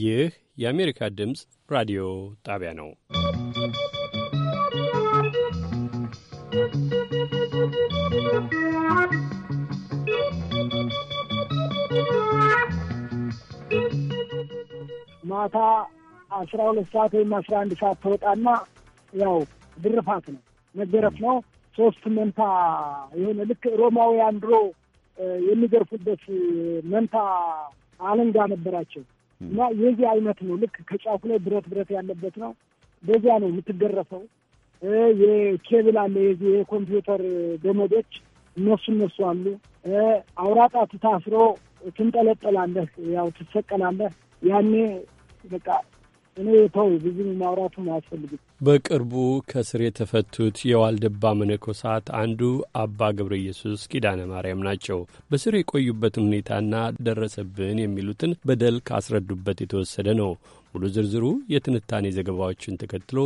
ይህ የአሜሪካ ድምፅ ራዲዮ ጣቢያ ነው። ማታ አስራ ሁለት ሰዓት ወይም አስራ አንድ ሰዓት ተወጣና ያው ድርፋት ነው፣ መገረፍ ነው። ሶስት መንታ የሆነ ልክ ሮማውያን ድሮ የሚገርፉበት መንታ አለንጋ ነበራቸው። እና የዚህ አይነት ነው። ልክ ከጫፉ ላይ ብረት ብረት ያለበት ነው። በዚያ ነው የምትገረፈው። የኬብል አለ፣ የዚህ የኮምፒውተር ገመዶች እነሱ እነሱ አሉ። አውራጣት ታስሮ ትንጠለጠላለህ፣ ያው ትሰቀላለህ። ያኔ በቃ እኔ ተው ብዙ ማውራቱም አያስፈልግም። በቅርቡ ከስር የተፈቱት የዋልድባ መነኮሳት አንዱ አባ ገብረ ኢየሱስ ኪዳነ ማርያም ናቸው። በስር የቆዩበትን ሁኔታና ደረሰብን የሚሉትን በደል ካስረዱበት የተወሰደ ነው። ሙሉ ዝርዝሩ የትንታኔ ዘገባዎችን ተከትሎ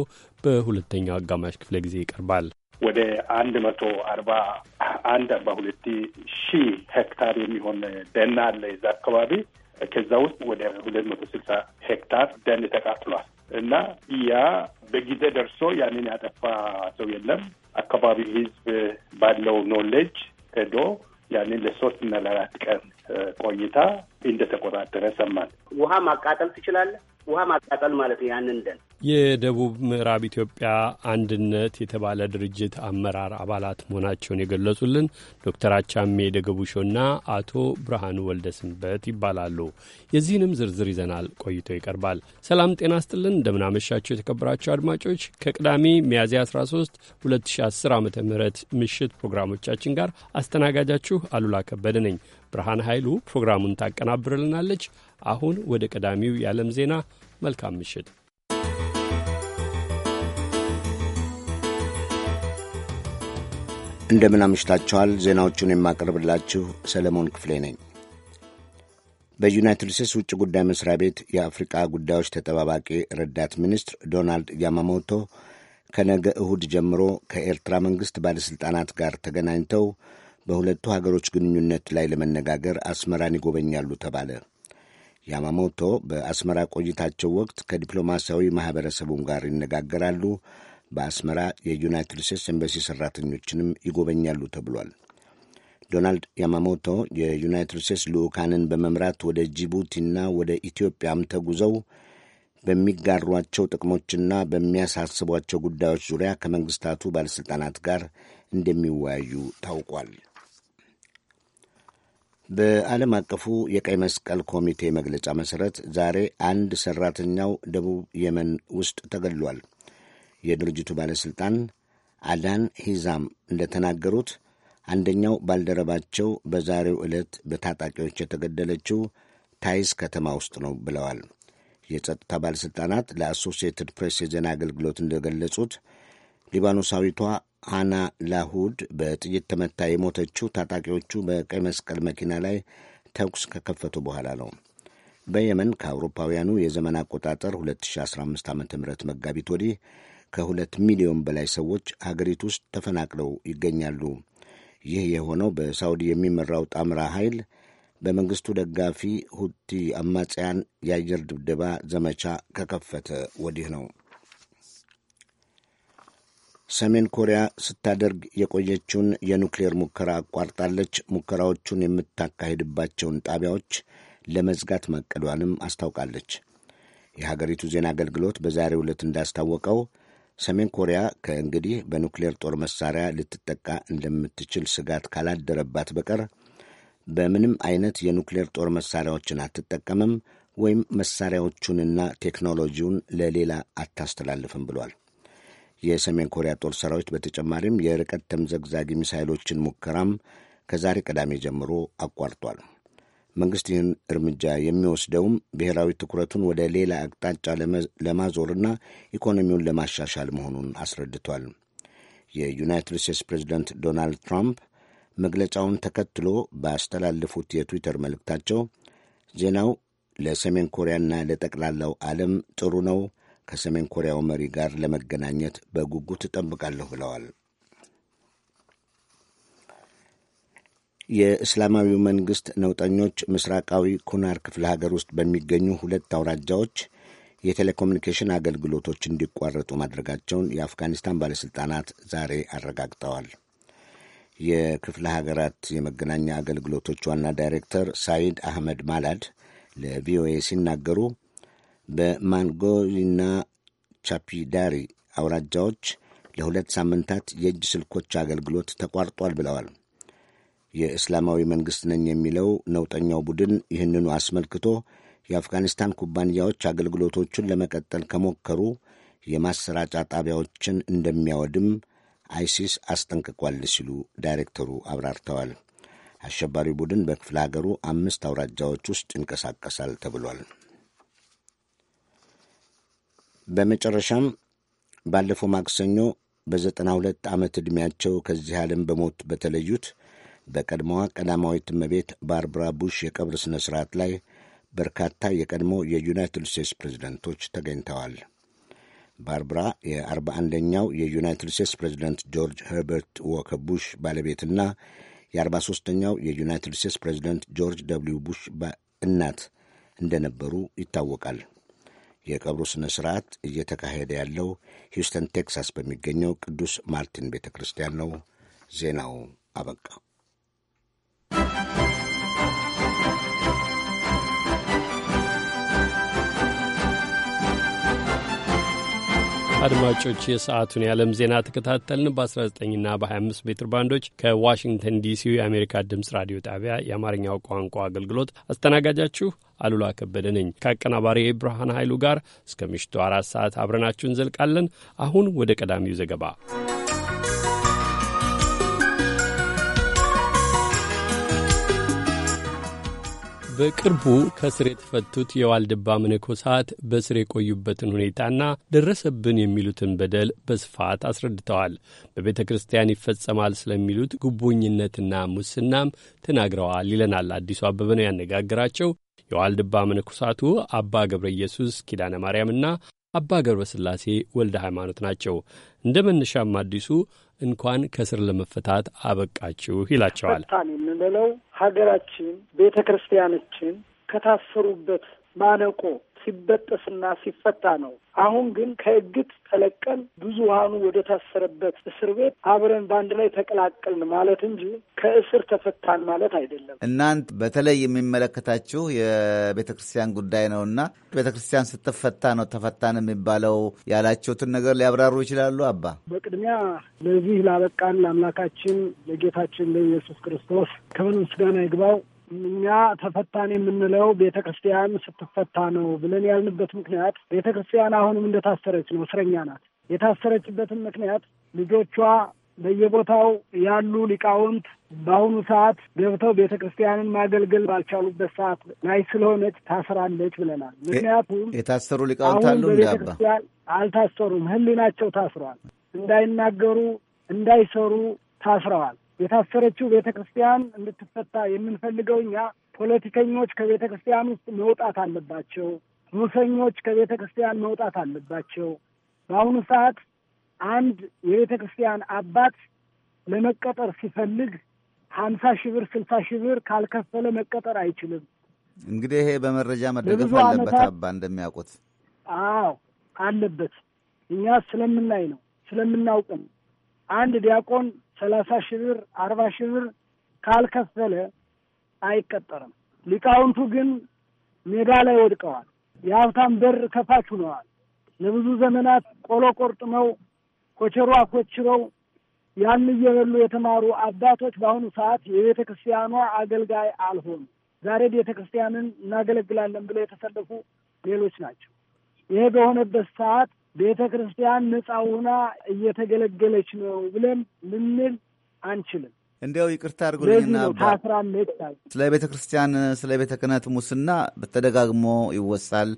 በሁለተኛው አጋማሽ ክፍለ ጊዜ ይቀርባል። ወደ አንድ መቶ አርባ አንድ አርባ ሁለት ሺህ ሄክታር የሚሆን ደን አለ የዛ አካባቢ። ከዛ ውስጥ ወደ ሁለት መቶ ስልሳ ሄክታር ደን ተቃጥሏል። እና ያ በጊዜ ደርሶ ያንን ያጠፋ ሰው የለም። አካባቢ ህዝብ ባለው ኖሌጅ ሄዶ ያንን ለሶስት እና ለአራት ቀን ቆይታ እንደተቆጣጠረ ሰማል። ውሃ ማቃጠል ትችላለህ። ውሃ ማቃጠል ማለት ነው ያንን ደን የደቡብ ምዕራብ ኢትዮጵያ አንድነት የተባለ ድርጅት አመራር አባላት መሆናቸውን የገለጹልን ዶክተር አቻሜ ደገቡሾና አቶ ብርሃኑ ወልደስንበት ይባላሉ። የዚህንም ዝርዝር ይዘናል፣ ቆይቶ ይቀርባል። ሰላም ጤና ስጥልን፣ እንደምናመሻቸው የተከበራቸው አድማጮች ከቅዳሜ ሚያዝያ 13 2010 ዓ ም ምሽት ፕሮግራሞቻችን ጋር አስተናጋጃችሁ አሉላ ከበደ ነኝ። ብርሃን ኃይሉ ፕሮግራሙን ታቀናብርልናለች። አሁን ወደ ቀዳሚው የዓለም ዜና። መልካም ምሽት። እንደምን አምሽታችኋል። ዜናዎቹን የማቀርብላችሁ ሰለሞን ክፍሌ ነኝ። በዩናይትድ ስቴትስ ውጭ ጉዳይ መስሪያ ቤት የአፍሪቃ ጉዳዮች ተጠባባቂ ረዳት ሚኒስትር ዶናልድ ያማሞቶ ከነገ እሁድ ጀምሮ ከኤርትራ መንግሥት ባለሥልጣናት ጋር ተገናኝተው በሁለቱ ሀገሮች ግንኙነት ላይ ለመነጋገር አስመራን ይጎበኛሉ ተባለ። ያማሞቶ በአስመራ ቆይታቸው ወቅት ከዲፕሎማሲያዊ ማኅበረሰቡም ጋር ይነጋገራሉ። በአስመራ የዩናይትድ ስቴትስ ኤምባሲ ሠራተኞችንም ይጎበኛሉ ተብሏል። ዶናልድ ያማሞቶ የዩናይትድ ስቴትስ ልዑካንን በመምራት ወደ ጅቡቲና ወደ ኢትዮጵያም ተጉዘው በሚጋሯቸው ጥቅሞችና በሚያሳስቧቸው ጉዳዮች ዙሪያ ከመንግስታቱ ባለሥልጣናት ጋር እንደሚወያዩ ታውቋል። በዓለም አቀፉ የቀይ መስቀል ኮሚቴ መግለጫ መሠረት ዛሬ አንድ ሠራተኛው ደቡብ የመን ውስጥ ተገድሏል። የድርጅቱ ባለሥልጣን አዳን ሂዛም እንደተናገሩት አንደኛው ባልደረባቸው በዛሬው ዕለት በታጣቂዎች የተገደለችው ታይስ ከተማ ውስጥ ነው ብለዋል። የጸጥታ ባለሥልጣናት ለአሶሲየትድ ፕሬስ የዜና አገልግሎት እንደገለጹት ሊባኖሳዊቷ ሃና ላሁድ በጥይት ተመታ የሞተችው ታጣቂዎቹ በቀይ መስቀል መኪና ላይ ተኩስ ከከፈቱ በኋላ ነው። በየመን ከአውሮፓውያኑ የዘመን አቆጣጠር 2015 ዓ ም መጋቢት ወዲህ ከሁለት ሚሊዮን በላይ ሰዎች ሀገሪቱ ውስጥ ተፈናቅለው ይገኛሉ። ይህ የሆነው በሳውዲ የሚመራው ጣምራ ኃይል በመንግስቱ ደጋፊ ሁቲ አማጽያን የአየር ድብደባ ዘመቻ ከከፈተ ወዲህ ነው። ሰሜን ኮሪያ ስታደርግ የቆየችውን የኑክሌር ሙከራ አቋርጣለች። ሙከራዎቹን የምታካሄድባቸውን ጣቢያዎች ለመዝጋት ማቀዷንም አስታውቃለች። የሀገሪቱ ዜና አገልግሎት በዛሬው ዕለት እንዳስታወቀው ሰሜን ኮሪያ ከእንግዲህ በኑክሌር ጦር መሳሪያ ልትጠቃ እንደምትችል ስጋት ካላደረባት በቀር በምንም አይነት የኑክሌር ጦር መሳሪያዎችን አትጠቀምም ወይም መሳሪያዎቹንና ቴክኖሎጂውን ለሌላ አታስተላልፍም ብሏል። የሰሜን ኮሪያ ጦር ሰራዊት በተጨማሪም የርቀት ተምዘግዛጊ ሚሳይሎችን ሙከራም ከዛሬ ቅዳሜ ጀምሮ አቋርጧል። መንግሥት ይህን እርምጃ የሚወስደውም ብሔራዊ ትኩረቱን ወደ ሌላ አቅጣጫ ለማዞርና ኢኮኖሚውን ለማሻሻል መሆኑን አስረድቷል። የዩናይትድ ስቴትስ ፕሬዚደንት ዶናልድ ትራምፕ መግለጫውን ተከትሎ ባስተላለፉት የትዊተር መልእክታቸው ዜናው ለሰሜን ኮሪያና ለጠቅላላው ዓለም ጥሩ ነው፣ ከሰሜን ኮሪያው መሪ ጋር ለመገናኘት በጉጉት እጠብቃለሁ ብለዋል። የእስላማዊው መንግሥት ነውጠኞች ምስራቃዊ ኩናር ክፍለ ሀገር ውስጥ በሚገኙ ሁለት አውራጃዎች የቴሌኮሙኒኬሽን አገልግሎቶች እንዲቋረጡ ማድረጋቸውን የአፍጋኒስታን ባለሥልጣናት ዛሬ አረጋግጠዋል። የክፍለ ሀገራት የመገናኛ አገልግሎቶች ዋና ዳይሬክተር ሳይድ አህመድ ማላድ ለቪኦኤ ሲናገሩ በማንጎይና ቻፒዳሪ አውራጃዎች ለሁለት ሳምንታት የእጅ ስልኮች አገልግሎት ተቋርጧል ብለዋል። የእስላማዊ መንግሥት ነኝ የሚለው ነውጠኛው ቡድን ይህንኑ አስመልክቶ የአፍጋኒስታን ኩባንያዎች አገልግሎቶቹን ለመቀጠል ከሞከሩ የማሰራጫ ጣቢያዎችን እንደሚያወድም አይሲስ አስጠንቅቋል ሲሉ ዳይሬክተሩ አብራርተዋል። አሸባሪው ቡድን በክፍለ ሀገሩ አምስት አውራጃዎች ውስጥ ይንቀሳቀሳል ተብሏል። በመጨረሻም ባለፈው ማክሰኞ በዘጠና ሁለት ዓመት ዕድሜያቸው ከዚህ ዓለም በሞት በተለዩት በቀድሞዋ ቀዳማዊት እመቤት ባርብራ ቡሽ የቀብር ሥነ ሥርዓት ላይ በርካታ የቀድሞ የዩናይትድ ስቴትስ ፕሬዚደንቶች ተገኝተዋል። ባርብራ የ41ኛው የዩናይትድ ስቴትስ ፕሬዚደንት ጆርጅ ሄርበርት ዎከ ቡሽ ባለቤትና የ43ኛው የዩናይትድ ስቴትስ ፕሬዝደንት ጆርጅ ደብሊው ቡሽ እናት እንደነበሩ ይታወቃል። የቀብሩ ሥነ ሥርዓት እየተካሄደ ያለው ሂውስተን ቴክሳስ በሚገኘው ቅዱስ ማርቲን ቤተ ክርስቲያን ነው። ዜናው አበቃ። አድማጮች የሰዓቱን የዓለም ዜና ተከታተልን። በ19ና በ25 ሜትር ባንዶች ከዋሽንግተን ዲሲ የአሜሪካ ድምፅ ራዲዮ ጣቢያ የአማርኛው ቋንቋ አገልግሎት አስተናጋጃችሁ አሉላ ከበደ ነኝ ከአቀናባሪ ብርሃን ኃይሉ ጋር እስከ ምሽቱ አራት ሰዓት አብረናችሁ እንዘልቃለን። አሁን ወደ ቀዳሚው ዘገባ በቅርቡ ከእስር የተፈቱት የዋልድባ መነኮሳት በእስር የቆዩበትን ሁኔታና ደረሰብን የሚሉትን በደል በስፋት አስረድተዋል። በቤተ ክርስቲያን ይፈጸማል ስለሚሉት ጉቦኝነትና ሙስናም ተናግረዋል ይለናል አዲሱ አበበ ነው ያነጋግራቸው። የዋልድባ መነኮሳቱ አባ ገብረ ኢየሱስ ኪዳነ ማርያምና አባ ገብረ ስላሴ ወልደ ሃይማኖት ናቸው። እንደ መነሻም አዲሱ እንኳን ከእስር ለመፈታት አበቃችሁ ይላቸዋል። ፈታን የምንለው ሀገራችን ቤተ ክርስቲያኖችን ከታሰሩበት ማነቆ ሲበጠስና ሲፈታ ነው። አሁን ግን ከእግት ተለቀን ብዙሃኑ ወደ ታሰረበት እስር ቤት አብረን በአንድ ላይ ተቀላቀልን ማለት እንጂ ከእስር ተፈታን ማለት አይደለም። እናንት በተለይ የሚመለከታችሁ የቤተ ክርስቲያን ጉዳይ ነውና ቤተ ክርስቲያን ስትፈታ ነው ተፈታን የሚባለው ያላችሁትን ነገር ሊያብራሩ ይችላሉ? አባ በቅድሚያ ለዚህ ላበቃን ለአምላካችን ለጌታችን ለኢየሱስ ክርስቶስ ክብር ምስጋና ይግባው። እኛ ተፈታን የምንለው ቤተ ክርስቲያን ስትፈታ ነው ብለን ያልንበት ምክንያት ቤተ ክርስቲያን አሁንም እንደታሰረች ነው፣ እስረኛ ናት። የታሰረችበትን ምክንያት ልጆቿ በየቦታው ያሉ ሊቃውንት በአሁኑ ሰዓት ገብተው ቤተ ክርስቲያንን ማገልገል ባልቻሉበት ሰዓት ላይ ስለሆነች ታስራለች ብለናል። ምክንያቱም የታሰሩ ሊቃውንት አሉ ቤተ ክርስቲያን አልታሰሩም፣ ሕሊናቸው ታስረዋል። እንዳይናገሩ እንዳይሰሩ ታስረዋል። የታሰረችው ቤተ ክርስቲያን እንድትፈታ የምንፈልገው እኛ ፖለቲከኞች ከቤተ ክርስቲያን ውስጥ መውጣት አለባቸው። ሙሰኞች ከቤተ ክርስቲያን መውጣት አለባቸው። በአሁኑ ሰዓት አንድ የቤተ ክርስቲያን አባት ለመቀጠር ሲፈልግ ሀምሳ ሺህ ብር ስልሳ ሺህ ብር ካልከፈለ መቀጠር አይችልም። እንግዲህ ይሄ በመረጃ መደገፍ አለበት። አባ እንደሚያውቁት አዎ አለበት። እኛ ስለምናይ ነው ስለምናውቅ ነው። አንድ ዲያቆን ሰላሳ ሺህ ብር አርባ ሺህ ብር ካልከፈለ አይቀጠርም። ሊቃውንቱ ግን ሜዳ ላይ ወድቀዋል። የሀብታም በር ከፋች ሆነዋል። ለብዙ ዘመናት ቆሎ ቆርጥመው ኮቸሮ አኮችረው ያን እየበሉ የተማሩ አባቶች በአሁኑ ሰዓት የቤተ ክርስቲያኗ አገልጋይ አልሆኑ። ዛሬ ቤተ ክርስቲያንን እናገለግላለን ብለው የተሰለፉ ሌሎች ናቸው። ይሄ በሆነበት ሰዓት ቤተ ክርስቲያን ነጻ ሆና እየተገለገለች ነው ብለን ልንል አንችልም። እንዲያው ይቅርታ አድርጉልኝና ስለ ቤተ ክርስቲያን ስለ ቤተ ክህነት ሙስና በተደጋግሞ ይወሳል።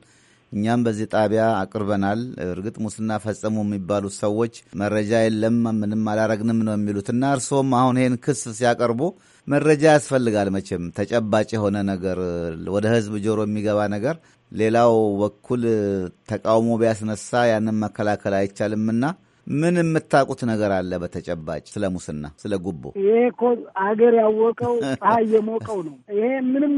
እኛም በዚህ ጣቢያ አቅርበናል። እርግጥ ሙስና ፈጸሙ የሚባሉት ሰዎች መረጃ የለም ምንም አላረግንም ነው የሚሉትና እርስዎም አሁን ይህን ክስ ሲያቀርቡ መረጃ ያስፈልጋል። መቼም ተጨባጭ የሆነ ነገር ወደ ህዝብ ጆሮ የሚገባ ነገር ሌላው በኩል ተቃውሞ ቢያስነሳ ያንን መከላከል አይቻልምና ምን የምታውቁት ነገር አለ በተጨባጭ ስለ ሙስና፣ ስለ ጉቦ? ይሄ እኮ አገር ያወቀው ፀሐይ የሞቀው ነው። ይሄ ምንም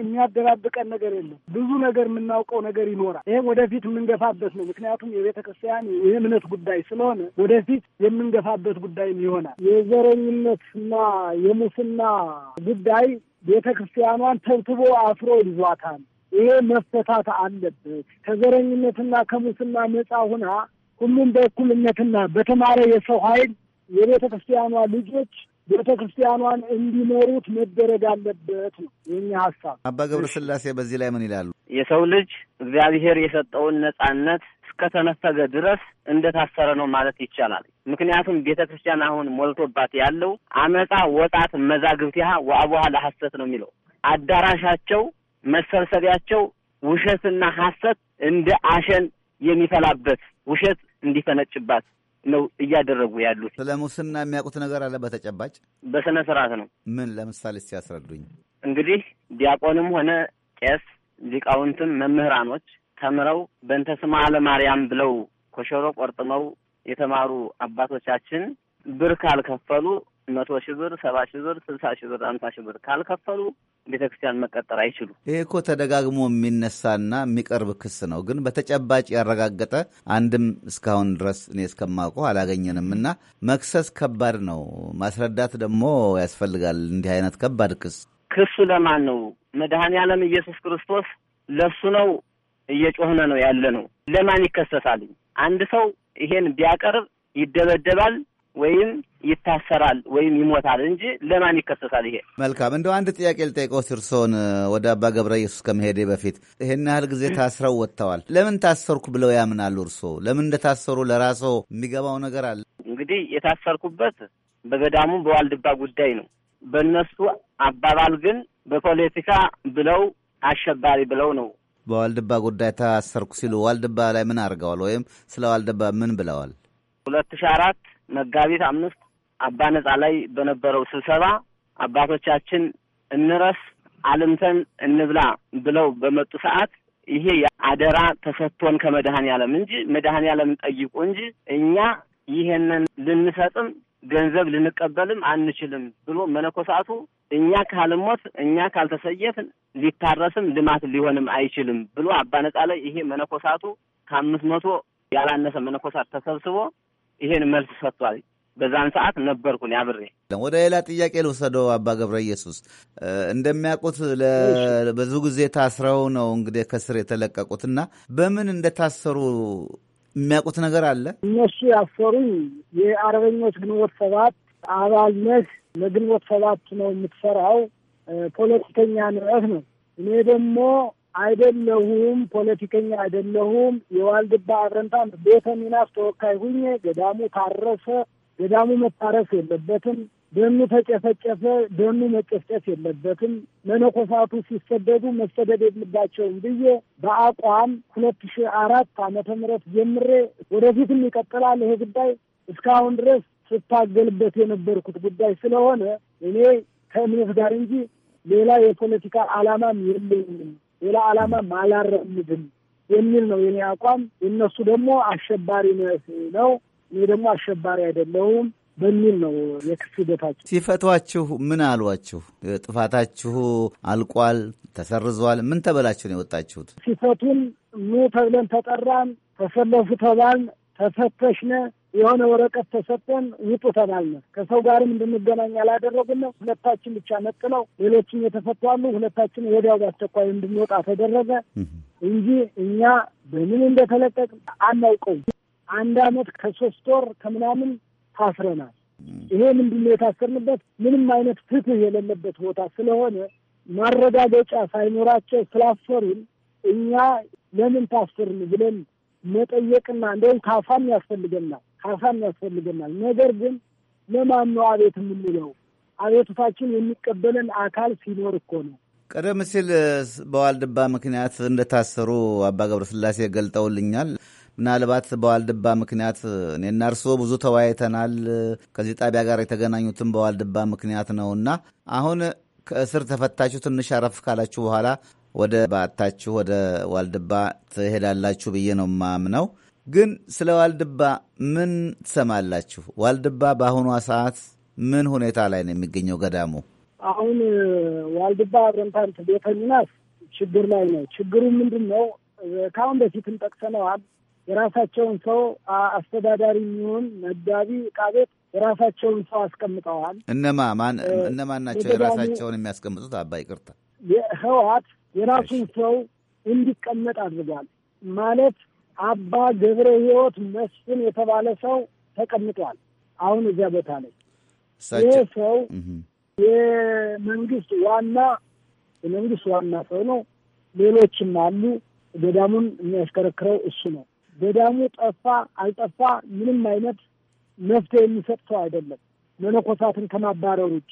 የሚያደራብቀን ነገር የለም። ብዙ ነገር የምናውቀው ነገር ይኖራል። ይሄ ወደፊት የምንገፋበት ነው። ምክንያቱም የቤተ ክርስቲያን የእምነት ጉዳይ ስለሆነ ወደፊት የምንገፋበት ጉዳይም ይሆናል። የዘረኝነትና የሙስና ጉዳይ ቤተ ክርስቲያኗን ተብትቦ አስሮ ይዟታል። ይሄ መፈታት አለበት። ከዘረኝነትና ከሙስና ነፃ ሁና ሁሉም በእኩልነትና በተማረ የሰው ኃይል የቤተ ክርስቲያኗ ልጆች ቤተ ክርስቲያኗን እንዲመሩት መደረግ አለበት ነው የኛ ሀሳብ። አባ ገብረ ስላሴ በዚህ ላይ ምን ይላሉ? የሰው ልጅ እግዚአብሔር የሰጠውን ነጻነት እስከተነፈገ ድረስ እንደታሰረ ነው ማለት ይቻላል። ምክንያቱም ቤተ ክርስቲያን አሁን ሞልቶባት ያለው አመፃ ወጣት መዛግብቲሃ ወአቡሃ ለሐሰት ነው የሚለው አዳራሻቸው መሰብሰቢያቸው ውሸትና ሐሰት እንደ አሸን የሚፈላበት ውሸት እንዲፈነጭባት ነው እያደረጉ ያሉት። ስለ ሙስና የሚያውቁት ነገር አለ በተጨባጭ በስነ ስርዓት ነው። ምን ለምሳሌ ሲያስረዱኝ። እንግዲህ ዲያቆንም ሆነ ቄስ ሊቃውንትም መምህራኖች ተምረው በእንተ ስማ ለማርያም ብለው ኮሸሮ ቆርጥመው የተማሩ አባቶቻችን ብር ካልከፈሉ መቶ ሺህ ብር፣ ሰባ ሺህ ብር፣ ስልሳ ሺህ ብር፣ አምሳ ሺህ ብር ካልከፈሉ ቤተ ክርስቲያን መቀጠር አይችሉ ይህ እኮ ተደጋግሞ የሚነሳና የሚቀርብ ክስ ነው። ግን በተጨባጭ ያረጋገጠ አንድም እስካሁን ድረስ እኔ እስከማውቀው አላገኘንም። እና መክሰስ ከባድ ነው፣ ማስረዳት ደግሞ ያስፈልጋል። እንዲህ አይነት ከባድ ክስ ክሱ ለማን ነው? መድኃኔ ዓለም ኢየሱስ ክርስቶስ ለሱ ነው እየጮህነ ነው ያለ ነው። ለማን ይከሰሳል? አንድ ሰው ይሄን ቢያቀርብ ይደበደባል ወይም ይታሰራል ወይም ይሞታል እንጂ ለማን ይከሰሳል? ይሄ መልካም። እንደው አንድ ጥያቄ ልጠይቀው እርሶን። ወደ አባ ገብረ ኢየሱስ ከመሄዴ በፊት ይህን ያህል ጊዜ ታስረው ወጥተዋል። ለምን ታሰርኩ ብለው ያምናሉ? እርሶ ለምን እንደታሰሩ ለራሶ የሚገባው ነገር አለ? እንግዲህ የታሰርኩበት በገዳሙ በዋልድባ ጉዳይ ነው። በእነሱ አባባል ግን በፖለቲካ ብለው አሸባሪ ብለው ነው በዋልድባ ጉዳይ ታሰርኩ ሲሉ ዋልድባ ላይ ምን አድርገዋል? ወይም ስለ ዋልድባ ምን ብለዋል? ሁለት ሺ አራት መጋቢት አምስት አባ ነጻ ላይ በነበረው ስብሰባ አባቶቻችን እንረስ አልምተን እንብላ ብለው በመጡ ሰዓት ይሄ አደራ ተሰጥቶን ከመድኃኔ ዓለም እንጂ መድኃኔ ዓለምን ጠይቁ እንጂ እኛ ይሄንን ልንሰጥም ገንዘብ ልንቀበልም አንችልም ብሎ መነኮሳቱ እኛ ካልሞት እኛ ካልተሰየፍን ሊታረስም ልማት ሊሆንም አይችልም ብሎ አባ ነጻ ላይ ይሄ መነኮሳቱ ከአምስት መቶ ያላነሰ መነኮሳት ተሰብስቦ ይሄን መልስ ሰጥቷል። በዛን ሰዓት ነበርኩን ያብሬ ወደ ሌላ ጥያቄ ልውሰደው አባ ገብረ ኢየሱስ፣ እንደሚያውቁት ብዙ ጊዜ ታስረው ነው እንግዲህ ከስር የተለቀቁት እና በምን እንደታሰሩ የሚያውቁት ነገር አለ? እነሱ ያሰሩኝ የአርበኞች ግንቦት ሰባት አባልነት ለግንቦት ሰባት ነው የምትሰራው ፖለቲከኛ ንረት ነው። እኔ ደግሞ አይደለሁም፣ ፖለቲከኛ አይደለሁም። የዋልድባ አብረንታ ቤተ ሚናስ ተወካይ ሁኜ ገዳሙ ታረሰ ገዳሙ መታረስ የለበትም። ደኑ ተጨፈጨፈ፣ ደኑ መጨፍጨፍ የለበትም። መነኮሳቱ ሲሰደዱ መሰደድ የለባቸውም ብዬ በአቋም ሁለት ሺህ አራት ዓመተ ምህረት ጀምሬ ወደፊትም ይቀጥላል ይሄ ጉዳይ እስካሁን ድረስ ስታገልበት የነበርኩት ጉዳይ ስለሆነ እኔ ከእምነት ጋር እንጂ ሌላ የፖለቲካ ዓላማም የለኝም፣ ሌላ ዓላማም አላራምድም የሚል ነው የኔ አቋም። እነሱ ደግሞ አሸባሪነት ነው እኔ ደግሞ አሸባሪ አይደለሁም በሚል ነው የክስ ሂደታቸው። ሲፈቷችሁ ምን አሏችሁ? ጥፋታችሁ አልቋል፣ ተሰርዟል፣ ምን ተበላችሁ ነው የወጣችሁት? ሲፈቱን ኑ ተብለን ተጠራን፣ ተሰለፉ ተባልን፣ ተፈተሽነ የሆነ ወረቀት ተሰጠን፣ ውጡ ተባልነ። ከሰው ጋርም እንድንገናኝ አላደረጉን። ሁለታችን ብቻ ነጥለው፣ ሌሎችም የተፈቱ አሉ። ሁለታችን ወዲያው በአስቸኳይ እንድንወጣ ተደረገ እንጂ እኛ በምን እንደተለቀቅ አናውቀውም። አንድ አመት ከሶስት ወር ከምናምን ታስረናል። ይሄ ምንድነው የታሰርንበት? ምንም አይነት ፍትህ የሌለበት ቦታ ስለሆነ ማረጋገጫ ሳይኖራቸው ስላሰሩን እኛ ለምን ታስርን ብለን መጠየቅና እንደውም ካፋም ያስፈልገናል ካፋም ያስፈልገናል። ነገር ግን ለማን ነው አቤት የምንለው? አቤቱታችን የሚቀበለን አካል ሲኖር እኮ ነው። ቀደም ሲል በዋልድባ ምክንያት እንደታሰሩ አባ ገብረስላሴ ገልጠውልኛል። ምናልባት በዋልድባ ምክንያት እኔና እርስዎ ብዙ ተወያይተናል። ከዚህ ጣቢያ ጋር የተገናኙትም በዋልድባ ምክንያት ነው እና አሁን ከእስር ተፈታችሁ ትንሽ አረፍ ካላችሁ በኋላ ወደ ባታችሁ ወደ ዋልድባ ትሄዳላችሁ ብዬ ነው ማምነው። ግን ስለ ዋልድባ ምን ትሰማላችሁ? ዋልድባ በአሁኗ ሰዓት ምን ሁኔታ ላይ ነው የሚገኘው? ገዳሙ አሁን ዋልድባ አብረንታንት ቤተ ሚናስ ችግር ላይ ነው። ችግሩ ምንድን ነው? ከአሁን በፊትም ጠቅሰነዋል። የራሳቸውን ሰው አስተዳዳሪ የሚሆን መጋቢ ዕቃ ቤት የራሳቸውን ሰው አስቀምጠዋል። እነማ ማን እነማን ናቸው የራሳቸውን የሚያስቀምጡት? አባይ ቅርታ ህወሓት የራሱን ሰው እንዲቀመጥ አድርጓል። ማለት አባ ገብረ ህይወት መስፍን የተባለ ሰው ተቀምጧል። አሁን እዚያ ቦታ ላይ ይህ ሰው የመንግስት ዋና የመንግስት ዋና ሰው ነው። ሌሎችም አሉ። ገዳሙን የሚያሽከረክረው እሱ ነው። ገዳሙ ጠፋ አልጠፋ ምንም አይነት መፍትሄ የሚሰጥ ሰው አይደለም። መነኮሳትን ከማባረር ውጭ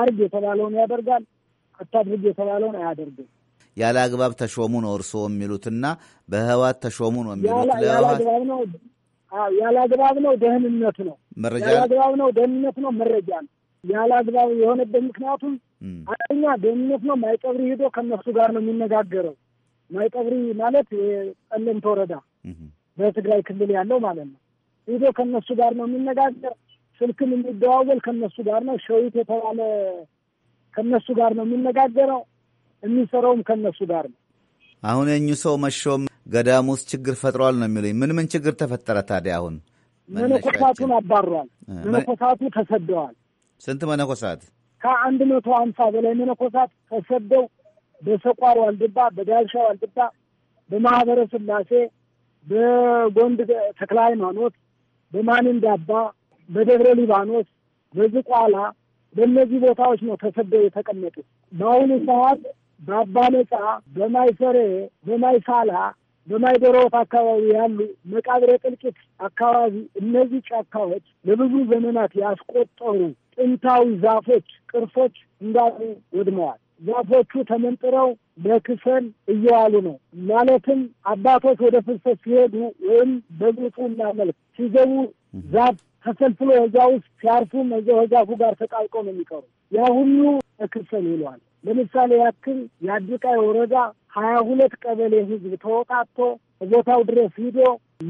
አርግ የተባለውን ያደርጋል፣ አታድርግ የተባለውን አያደርግም። ያለ አግባብ ተሾሙ ነው እርስዎ የሚሉትና በህዋት ተሾሙ ነው የሚሉት። ያለ አግባብ ነው ደህንነት ነው መረጃ፣ ያለ አግባብ ነው ደህንነት ነው መረጃ ነው ያለ አግባብ የሆነበት ምክንያቱም አንደኛ ደህንነት ነው። ማይቀብሪ ሂዶ ከነሱ ጋር ነው የሚነጋገረው። ማይቀብሪ ማለት የጠለምት ወረዳ በትግራይ ክልል ያለው ማለት ነው። ሄዶ ከነሱ ጋር ነው የሚነጋገር፣ ስልክም የሚደዋወል ከነሱ ጋር ነው። ሸዊት የተባለ ከነሱ ጋር ነው የሚነጋገረው፣ የሚሰራውም ከነሱ ጋር ነው። አሁን የኙ ሰው መሾም ገዳም ውስጥ ችግር ፈጥሯል ነው የሚሉኝ። ምን ምን ችግር ተፈጠረ ታዲያ? አሁን መነኮሳቱን አባሯል። መነኮሳቱ ተሰደዋል። ስንት መነኮሳት? ከአንድ መቶ ሀምሳ በላይ መነኮሳት ተሰደው በሰቋር ዋልድባ፣ በዳልሻ ዋልድባ፣ በማህበረ ስላሴ በጎንድ ተክለ ሃይማኖት፣ በማንንዳባ፣ በደብረ ሊባኖስ፣ በዝቋላ በእነዚህ ቦታዎች ነው ተሰደው የተቀመጡት። በአሁኑ ሰዓት በአባ ነጻ፣ በማይሰሬ፣ በማይሳላ፣ በማይደሮት አካባቢ ያሉ መቃብረ ጥልቂት አካባቢ እነዚህ ጫካዎች ለብዙ ዘመናት ያስቆጠሩ ጥንታዊ ዛፎች፣ ቅርሶች እንዳሉ ወድመዋል። ዛፎቹ ተመንጥረው ለክሰል እየዋሉ ነው። ማለትም አባቶች ወደ ፍልሰት ሲሄዱ ወይም በግጹና መልክ ሲገቡ ዛፍ ተሰልፍሎ እዛ ውስጥ ሲያርፉም እዛው ከዛፉ ጋር ተጣብቀው ነው የሚቀሩ። ያ ሁሉ ለክሰል ይለዋል። ለምሳሌ ያክል የአድቃይ ወረዳ ሀያ ሁለት ቀበሌ ህዝብ ተወጣቶ ቦታው ድረስ ሂዶ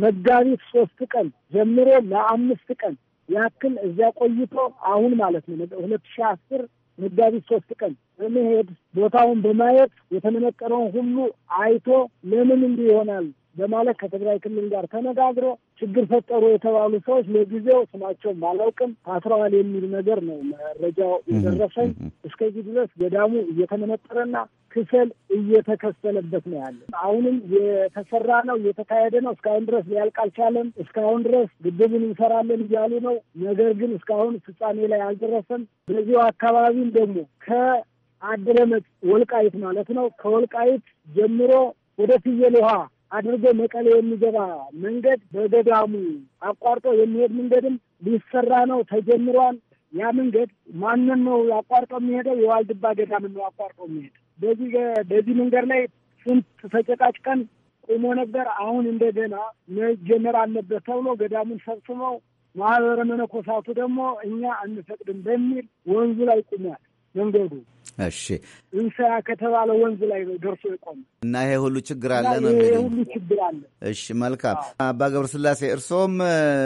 መጋቢት ሶስት ቀን ጀምሮ ለአምስት ቀን ያክል እዚያ ቆይቶ አሁን ማለት ነው ሁለት ሺህ አስር መጋቢት ሶስት ቀን በመሄድ ቦታውን በማየት የተመነቀረውን ሁሉ አይቶ ለምን እንዲህ ይሆናል በማለት ከትግራይ ክልል ጋር ተነጋግሮ ችግር ፈጠሩ የተባሉ ሰዎች ለጊዜው ስማቸውን ባላውቅም ታስረዋል የሚል ነገር ነው መረጃው የደረሰኝ። እስከዚህ ድረስ ገዳሙ እየተመነጠረና ክፍል እየተከሰለበት ነው ያለ። አሁንም የተሰራ ነው እየተካሄደ ነው። እስካሁን ድረስ ሊያልቅ አልቻለም። እስካሁን ድረስ ግድቡን እንሰራለን እያሉ ነው። ነገር ግን እስካሁን ፍጻሜ ላይ አልደረሰም። በዚሁ አካባቢም ደግሞ ከ አድረመት ወልቃይት ማለት ነው። ከወልቃይት ጀምሮ ወደ ፍየል ውሃ አድርጎ መቀሌ የሚገባ መንገድ በገዳሙ አቋርጦ የሚሄድ መንገድም ሊሰራ ነው፣ ተጀምሯል። ያ መንገድ ማንን ነው አቋርጦ የሚሄደው? የዋልድባ ገዳም ነው አቋርጦ የሚሄድ። በዚህ በዚህ መንገድ ላይ ስንት ተጨቃጭቀን ቁሞ ነበር። አሁን እንደገና መጀመር አለበት ተብሎ ገዳሙን ሰብስበው ማህበረ መነኮሳቱ ደግሞ እኛ አንፈቅድም በሚል ወንዙ ላይ ቁሟል መንገዱ። እሺ እንሰራ ከተባለ ወንዝ ላይ ነው ደርሶ የቆመ እና ይሄ ሁሉ ችግር አለ ነው ይሄ ሁሉ ችግር አለ። እሺ መልካም አባ ገብረስላሴ እርሶም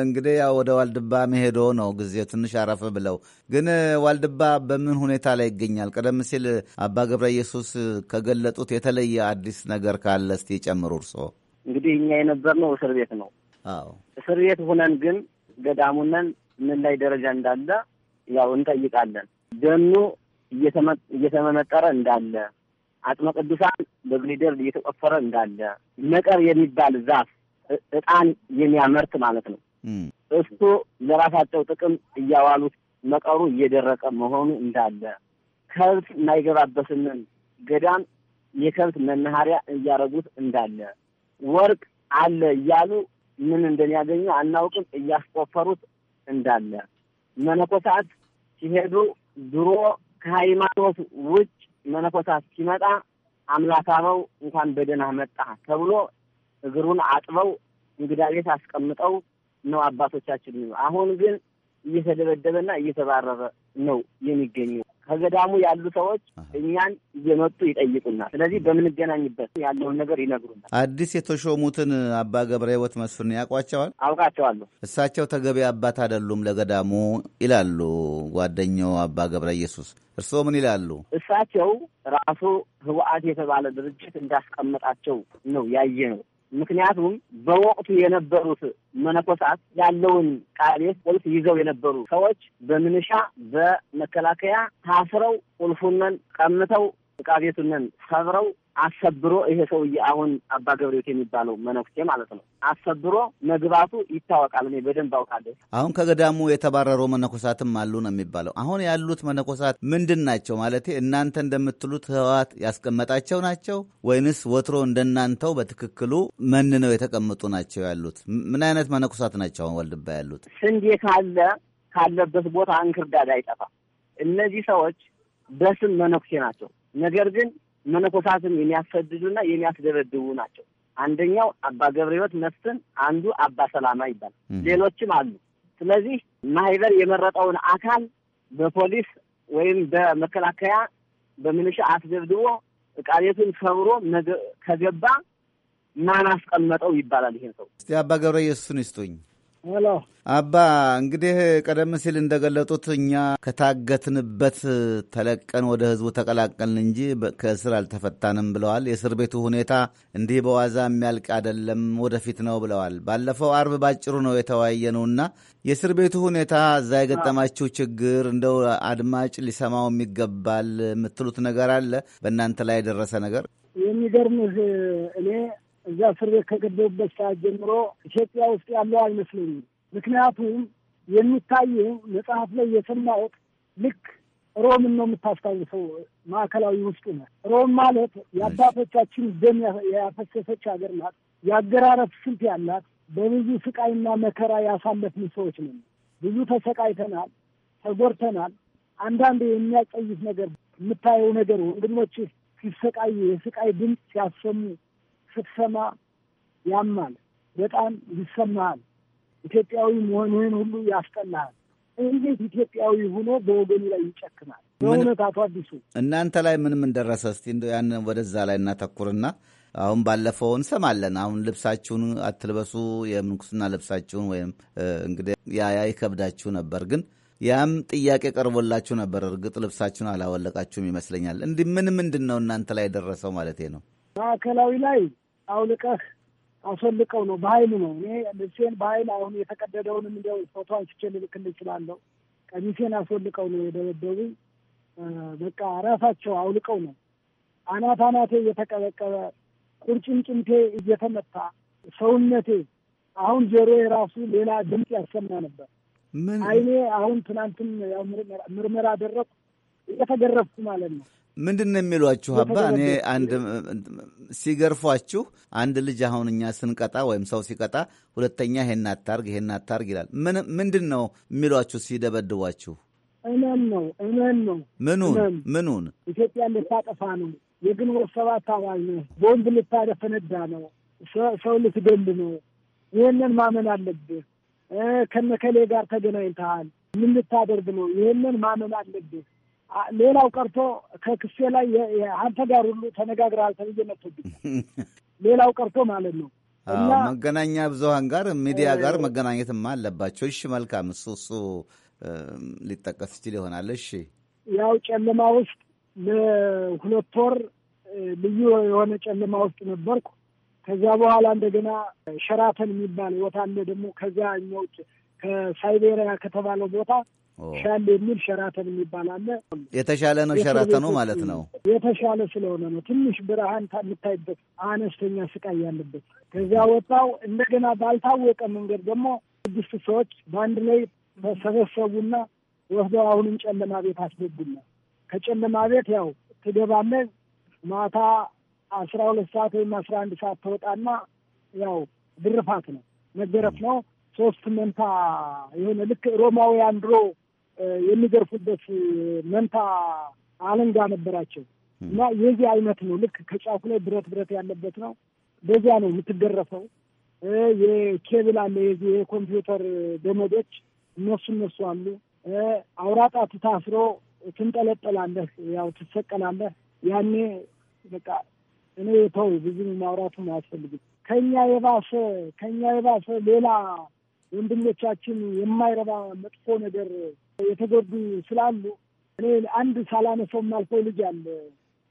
እንግዲህ ያው ወደ ዋልድባ መሄዶ ነው ጊዜ ትንሽ አረፍ ብለው ግን ዋልድባ በምን ሁኔታ ላይ ይገኛል? ቀደም ሲል አባ ገብረ ኢየሱስ ከገለጡት የተለየ አዲስ ነገር ካለ እስቲ ጨምሩ እርሶ። እንግዲህ እኛ የነበርነው እስር ቤት ነው። አዎ እስር ቤት ሁነን ግን ገዳሙነን ምን ላይ ደረጃ እንዳለ ያው እንጠይቃለን ደኑ እየተመነጠረ እንዳለ አጽመ ቅዱሳን በግሊደር እየተቆፈረ እንዳለ መቀር የሚባል ዛፍ እጣን የሚያመርት ማለት ነው። እሱ ለራሳቸው ጥቅም እያዋሉት መቀሩ እየደረቀ መሆኑ እንዳለ ከብት የማይገባበትንን ገዳም የከብት መናኸሪያ እያደረጉት እንዳለ ወርቅ አለ እያሉ ምን እንደሚያገኙ አናውቅም እያስቆፈሩት እንዳለ መነኮሳት ሲሄዱ ድሮ ከሃይማኖት ውጭ መነኮሳት ሲመጣ አምላክ አበው እንኳን በደህና መጣ ተብሎ እግሩን አጥበው እንግዳ ቤት አስቀምጠው ነው አባቶቻችን። አሁን ግን እየተደበደበና እየተባረረ ነው የሚገኘው። ከገዳሙ ያሉ ሰዎች እኛን እየመጡ ይጠይቁናል። ስለዚህ በምንገናኝበት ያለውን ነገር ይነግሩናል። አዲስ የተሾሙትን አባ ገብረ ሕይወት መስፍን ያውቋቸዋል? አውቃቸዋለሁ። እሳቸው ተገቢ አባት አይደሉም ለገዳሙ ይላሉ ጓደኛው አባ ገብረ ኢየሱስ። እርስዎ ምን ይላሉ? እሳቸው ራሱ ህወሓት የተባለ ድርጅት እንዳስቀመጣቸው ነው ያየ ነው ምክንያቱም በወቅቱ የነበሩት መነኮሳት ያለውን ቃቤስ ቁልፍ ይዘው የነበሩ ሰዎች በምንሻ በመከላከያ ታስረው ቁልፉነን ቀምተው እቃ ቤቱነን ሰብረው አሰብሮ ይሄ ሰውዬ አሁን አባ ገብሬት የሚባለው መነኩሴ ማለት ነው። አሰብሮ መግባቱ ይታወቃል። እኔ በደንብ አውቃለሁ። አሁን ከገዳሙ የተባረሩ መነኮሳትም አሉ ነው የሚባለው። አሁን ያሉት መነኮሳት ምንድን ናቸው ማለት እናንተ እንደምትሉት ህወሓት ያስቀመጣቸው ናቸው ወይንስ ወትሮ እንደናንተው በትክክሉ መን ነው የተቀመጡ ናቸው ያሉት? ምን አይነት መነኮሳት ናቸው አሁን ወልድባ ያሉት? ስንዴ ካለ ካለበት ቦታ እንክርዳድ አይጠፋ። እነዚህ ሰዎች በስም መነኩሴ ናቸው፣ ነገር ግን መነኮሳትን የሚያሰድዱና የሚያስደበድቡ ናቸው። አንደኛው አባ ገብረ ሕይወት መስፍን፣ አንዱ አባ ሰላማ ይባላል። ሌሎችም አሉ። ስለዚህ ማህበር የመረጠውን አካል በፖሊስ ወይም በመከላከያ በምንሻ አስደብድቦ ዕቃ ቤቱን ሰብሮ ከገባ ማን አስቀመጠው ይባላል። ይሄን ሰው እስቲ አባ ገብረ ኢየሱስን ይስጡኝ። አባ እንግዲህ ቀደም ሲል እንደገለጡት እኛ ከታገትንበት ተለቀን ወደ ህዝቡ ተቀላቀልን እንጂ ከእስር አልተፈታንም ብለዋል። የእስር ቤቱ ሁኔታ እንዲህ በዋዛ የሚያልቅ አይደለም፣ ወደፊት ነው ብለዋል። ባለፈው አርብ ባጭሩ ነው የተወያየነውና የእስር ቤቱ ሁኔታ እዛ የገጠማችሁ ችግር እንደው አድማጭ ሊሰማው ይገባል የምትሉት ነገር አለ? በእናንተ ላይ የደረሰ ነገር የሚገርምህ እኔ እዛ እስር ቤት ከገደቡበት ሰዓት ጀምሮ ኢትዮጵያ ውስጥ ያለው አይመስለኝም። ምክንያቱም የሚታየው መጽሐፍ ላይ የሰማሁት ልክ ሮምን ነው የምታስታውሰው። ማዕከላዊ ውስጡ ነው። ሮም ማለት የአባቶቻችን ደም ያፈሰሰች ሀገር ናት። የአገራረፍ ስልት ያላት፣ በብዙ ስቃይና መከራ ያሳለፍን ሰዎች ነን። ብዙ ተሰቃይተናል፣ ተጎድተናል። አንዳንድ የሚያጸይፍ ነገር የምታየው ነገር ወንድሞች ሲሰቃዩ የስቃይ ድምፅ ሲያሰሙ ስትሰማ ያማል፣ በጣም ይሰማሃል። ኢትዮጵያዊ መሆንህን ሁሉ ያስጠላሃል። እንዴት ኢትዮጵያዊ ሆኖ በወገኑ ላይ ይጨክናል? በእውነት አቶ አዲሱ እናንተ ላይ ምን ምን ደረሰ? እስቲ ያን ወደዛ ላይ እናተኩርና አሁን ባለፈው እንሰማለን። አሁን ልብሳችሁን አትልበሱ የምንኩስና ልብሳችሁን ወይም እንግዲህ ያያ ይከብዳችሁ ነበር ግን ያም ጥያቄ ቀርቦላችሁ ነበር። እርግጥ ልብሳችሁን አላወለቃችሁም ይመስለኛል። እንዲህ ምን ምንድን ነው እናንተ ላይ የደረሰው ማለት ነው? ማዕከላዊ ላይ አውልቀህ አስወልቀው ነው በሀይሉ ነው። እኔ ልብሴን በሀይል አሁን የተቀደደውንም እንዲያው ፎቶ አንስቼ ልልክል እችላለሁ። ቀሚሴን አስወልቀው ነው የደበደቡ። በቃ ራሳቸው አውልቀው ነው። አናት አናቴ እየተቀበቀበ ቁርጭምጭምቴ እየተመታ ሰውነቴ አሁን ጆሮ የራሱ ሌላ ድምፅ ያሰማ ነበር። አይኔ አሁን ትናንትም ምርመራ አደረግኩ እየተገረፍኩ ማለት ነው። ምንድን ነው የሚሏችሁ? አባ እኔ አንድ ሲገርፏችሁ፣ አንድ ልጅ አሁን እኛ ስንቀጣ ወይም ሰው ሲቀጣ ሁለተኛ ይሄን አታርግ ይሄን አታርግ ይላል። ምንድን ነው የሚሏችሁ ሲደበድቧችሁ? እመን ነው እመን ነው ምኑን ምኑን ኢትዮጵያ ልታጠፋ ነው፣ የግንቦት ሰባት አባል ነው፣ ቦምብ ልታደፈነዳ ነው፣ ሰው ልትገል ነው። ይህንን ማመን አለብህ። ከነከሌ ጋር ተገናኝተሃል፣ ምን ልታደርግ ነው? ይህንን ማመን አለብህ። ሌላው ቀርቶ ከክሴ ላይ አንተ ጋር ሁሉ ተነጋግረሃል ተብዬ መጥቶብኝ። ሌላው ቀርቶ ማለት ነው መገናኛ ብዙሀን ጋር ሚዲያ ጋር መገናኘትማ አለባቸው። እሺ መልካም፣ እሱ እሱ ሊጠቀስ ይችል ይሆናል። እሺ ያው ጨለማ ውስጥ ለሁለት ወር ልዩ የሆነ ጨለማ ውስጥ ነበርኩ። ከዚያ በኋላ እንደገና ሸራተን የሚባል ቦታ አለ ደግሞ ከዚያ እኛው ከሳይቤሪያ ከተባለው ቦታ ሻል የሚል ሸራተን የሚባል አለ። የተሻለ ነው ሸራተኑ ማለት ነው። የተሻለ ስለሆነ ነው ትንሽ ብርሃን የምታይበት አነስተኛ ስቃይ ያለበት። ከዚያ ወጣው እንደገና ባልታወቀ መንገድ ደግሞ ስድስት ሰዎች በአንድ ላይ ተሰበሰቡና ወስደው አሁንም ጨለማ ቤት አስገቡና ከጨለማ ቤት ያው ትገባለህ። ማታ አስራ ሁለት ሰዓት ወይም አስራ አንድ ሰዓት ተወጣና ያው ግርፋት ነው መገረፍ ነው። ሶስት መንታ የሆነ ልክ ሮማውያን ድሮ የሚገርፉበት መንታ አለንጋ ነበራቸው እና የዚህ አይነት ነው። ልክ ከጫፉ ላይ ብረት ብረት ያለበት ነው። በዚያ ነው የምትገረፈው። የኬብል አለ፣ የዚህ የኮምፒውተር ገመዶች እነሱ እነሱ አሉ። አውራጣት ታስሮ ትንጠለጠላለህ፣ ያው ትሰቀላለህ። ያኔ በቃ እኔ ተው ብዙ ማውራቱም አያስፈልግም። ከኛ የባሰ ከኛ የባሰ ሌላ ወንድሞቻችን የማይረባ መጥፎ ነገር የተጎዱ ስላሉ እኔ አንድ ሳላነሳው የማልፈው ልጅ አለ።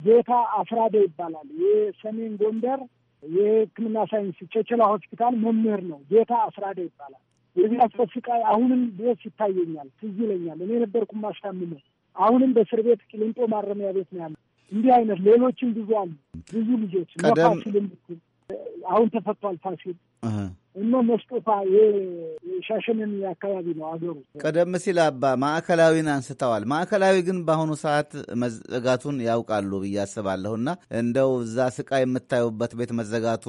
ጌታ አፍራደ ይባላል። የሰሜን ጎንደር የሕክምና ሳይንስ ቸቸላ ሆስፒታል መምህር ነው። ጌታ አስራደ ይባላል። የዚያ ሰው ስቃይ አሁንም ድረስ ይታየኛል፣ ትዝ ይለኛል። እኔ ነበርኩ ማስታምመው። አሁንም በእስር ቤት ቅሊንጦ ማረሚያ ቤት ነው ያለ። እንዲህ አይነት ሌሎችም ብዙ አሉ። ብዙ ልጆች ፋሲል አሁን ተፈቷል ፋሲል እነ መስጦፋ የሻሸመኔ አካባቢ ነው አገሩ። ቀደም ሲል አባ ማዕከላዊን አንስተዋል። ማዕከላዊ ግን በአሁኑ ሰዓት መዘጋቱን ያውቃሉ ብዬ አስባለሁ እና እንደው እዛ ስቃይ የምታዩበት ቤት መዘጋቱ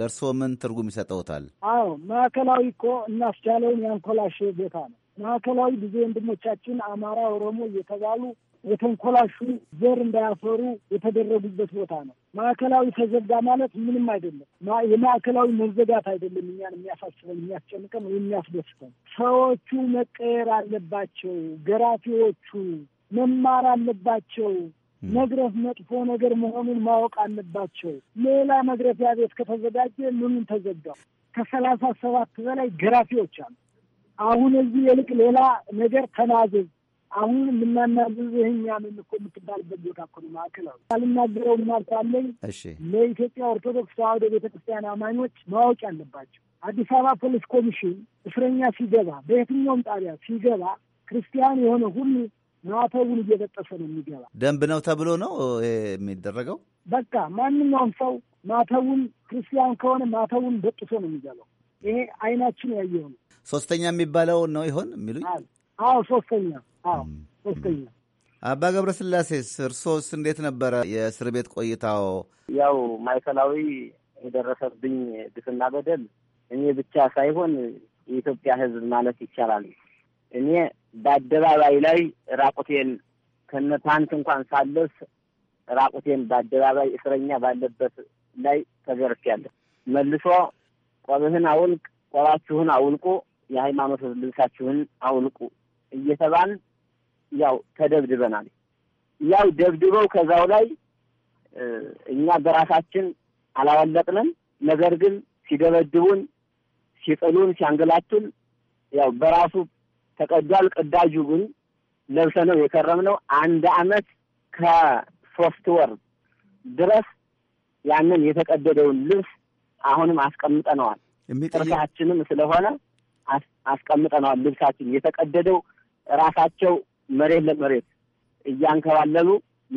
ለእርስዎ ምን ትርጉም ይሰጠውታል? አዎ ማዕከላዊ እኮ እናስቻለውን ያንኮላሽ ቦታ ነው። ማዕከላዊ ብዙ ወንድሞቻችን አማራ፣ ኦሮሞ እየተባሉ የተንኮላሹ ዘር እንዳያፈሩ የተደረጉበት ቦታ ነው። ማዕከላዊ ተዘጋ ማለት ምንም አይደለም። የማዕከላዊ መዘጋት አይደለም እኛን የሚያሳስበን የሚያስጨንቀን የሚያስደስተን። ሰዎቹ መቀየር አለባቸው። ገራፊዎቹ መማር አለባቸው። መግረፍ መጥፎ ነገር መሆኑን ማወቅ አለባቸው። ሌላ መግረፊያ ቤት ከተዘጋጀ ምኑን ተዘጋው? ከሰላሳ ሰባት በላይ ገራፊዎች አሉ። አሁን እዚህ ይልቅ ሌላ ነገር ተናዘዝ አሁን ልናናዝዝ ይህኛ ምን እኮ የምትባልበት ቦታ እኮ ነው። ማዕከላዊ ካልናገረው ምናልኳለኝ ለኢትዮጵያ ኦርቶዶክስ ተዋህዶ ቤተ ክርስቲያን አማኞች ማወቅ ያለባቸው አዲስ አበባ ፖሊስ ኮሚሽን እስረኛ ሲገባ፣ በየትኛውም ጣቢያ ሲገባ ክርስቲያን የሆነ ሁሉ ማተቡን እየበጠሰ ነው የሚገባ። ደንብ ነው ተብሎ ነው የሚደረገው። በቃ ማንኛውም ሰው ማተቡን ክርስቲያን ከሆነ ማተቡን በጥሶ ነው የሚገባው። ይሄ አይናችን ያየው ነው። ሶስተኛ የሚባለው ነው ይሆን የሚሉኝ? አዎ ሶስተኛ ሶስተኛ። አባ ገብረስላሴስ እርሶስ እንዴት ነበረ የእስር ቤት ቆይታው? ያው ማዕከላዊ የደረሰብኝ ግፍና በደል እኔ ብቻ ሳይሆን የኢትዮጵያ ሕዝብ ማለት ይቻላል። እኔ በአደባባይ ላይ ራቁቴን ከነ ፓንት እንኳን ሳለስ ራቁቴን በአደባባይ እስረኛ ባለበት ላይ ተገርፌያለሁ። መልሶ ቆብህን አውልቅ፣ ቆባችሁን አውልቁ፣ የሃይማኖት ልብሳችሁን አውልቁ እየተባል ያው ተደብድበናል። ያው ደብድበው ከዛው ላይ እኛ በራሳችን አላወለቅንም። ነገር ግን ሲደበድቡን፣ ሲጥሉን፣ ሲያንገላቱን ያው በራሱ ተቀዷል። ቅዳጁ ግን ለብሰ ነው የከረምነው አንድ አመት ከሶስት ወር ድረስ ያንን የተቀደደውን ልብስ አሁንም አስቀምጠነዋል። ጥርሳችንም ስለሆነ አስቀምጠነዋል። ልብሳችን የተቀደደው ራሳቸው መሬት ለመሬት እያንከባለሉ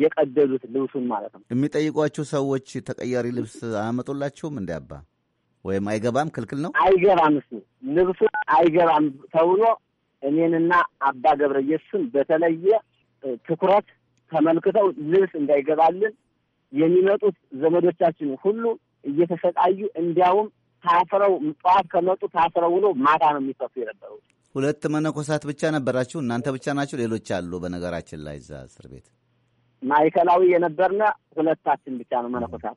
የቀደዱት ልብሱን ማለት ነው። የሚጠይቋቸው ሰዎች ተቀያሪ ልብስ አያመጡላቸውም እንዲ አባ ወይም አይገባም፣ ክልክል ነው፣ አይገባም እሱ ልብሱ አይገባም ተብሎ እኔንና አባ ገብረ ኢየሱስን በተለየ ትኩረት ተመልክተው ልብስ እንዳይገባልን የሚመጡት ዘመዶቻችን ሁሉ እየተሰቃዩ እንዲያውም ታፍረው ጠዋት ከመጡ ታፍረው ውሎ ማታ ነው የሚሰፉ የነበሩ ሁለት መነኮሳት ብቻ ነበራችሁ? እናንተ ብቻ ናችሁ? ሌሎች አሉ? በነገራችን ላይ እዛ እስር ቤት ማዕከላዊ የነበርነ ሁለታችን ብቻ ነው መነኮሳት።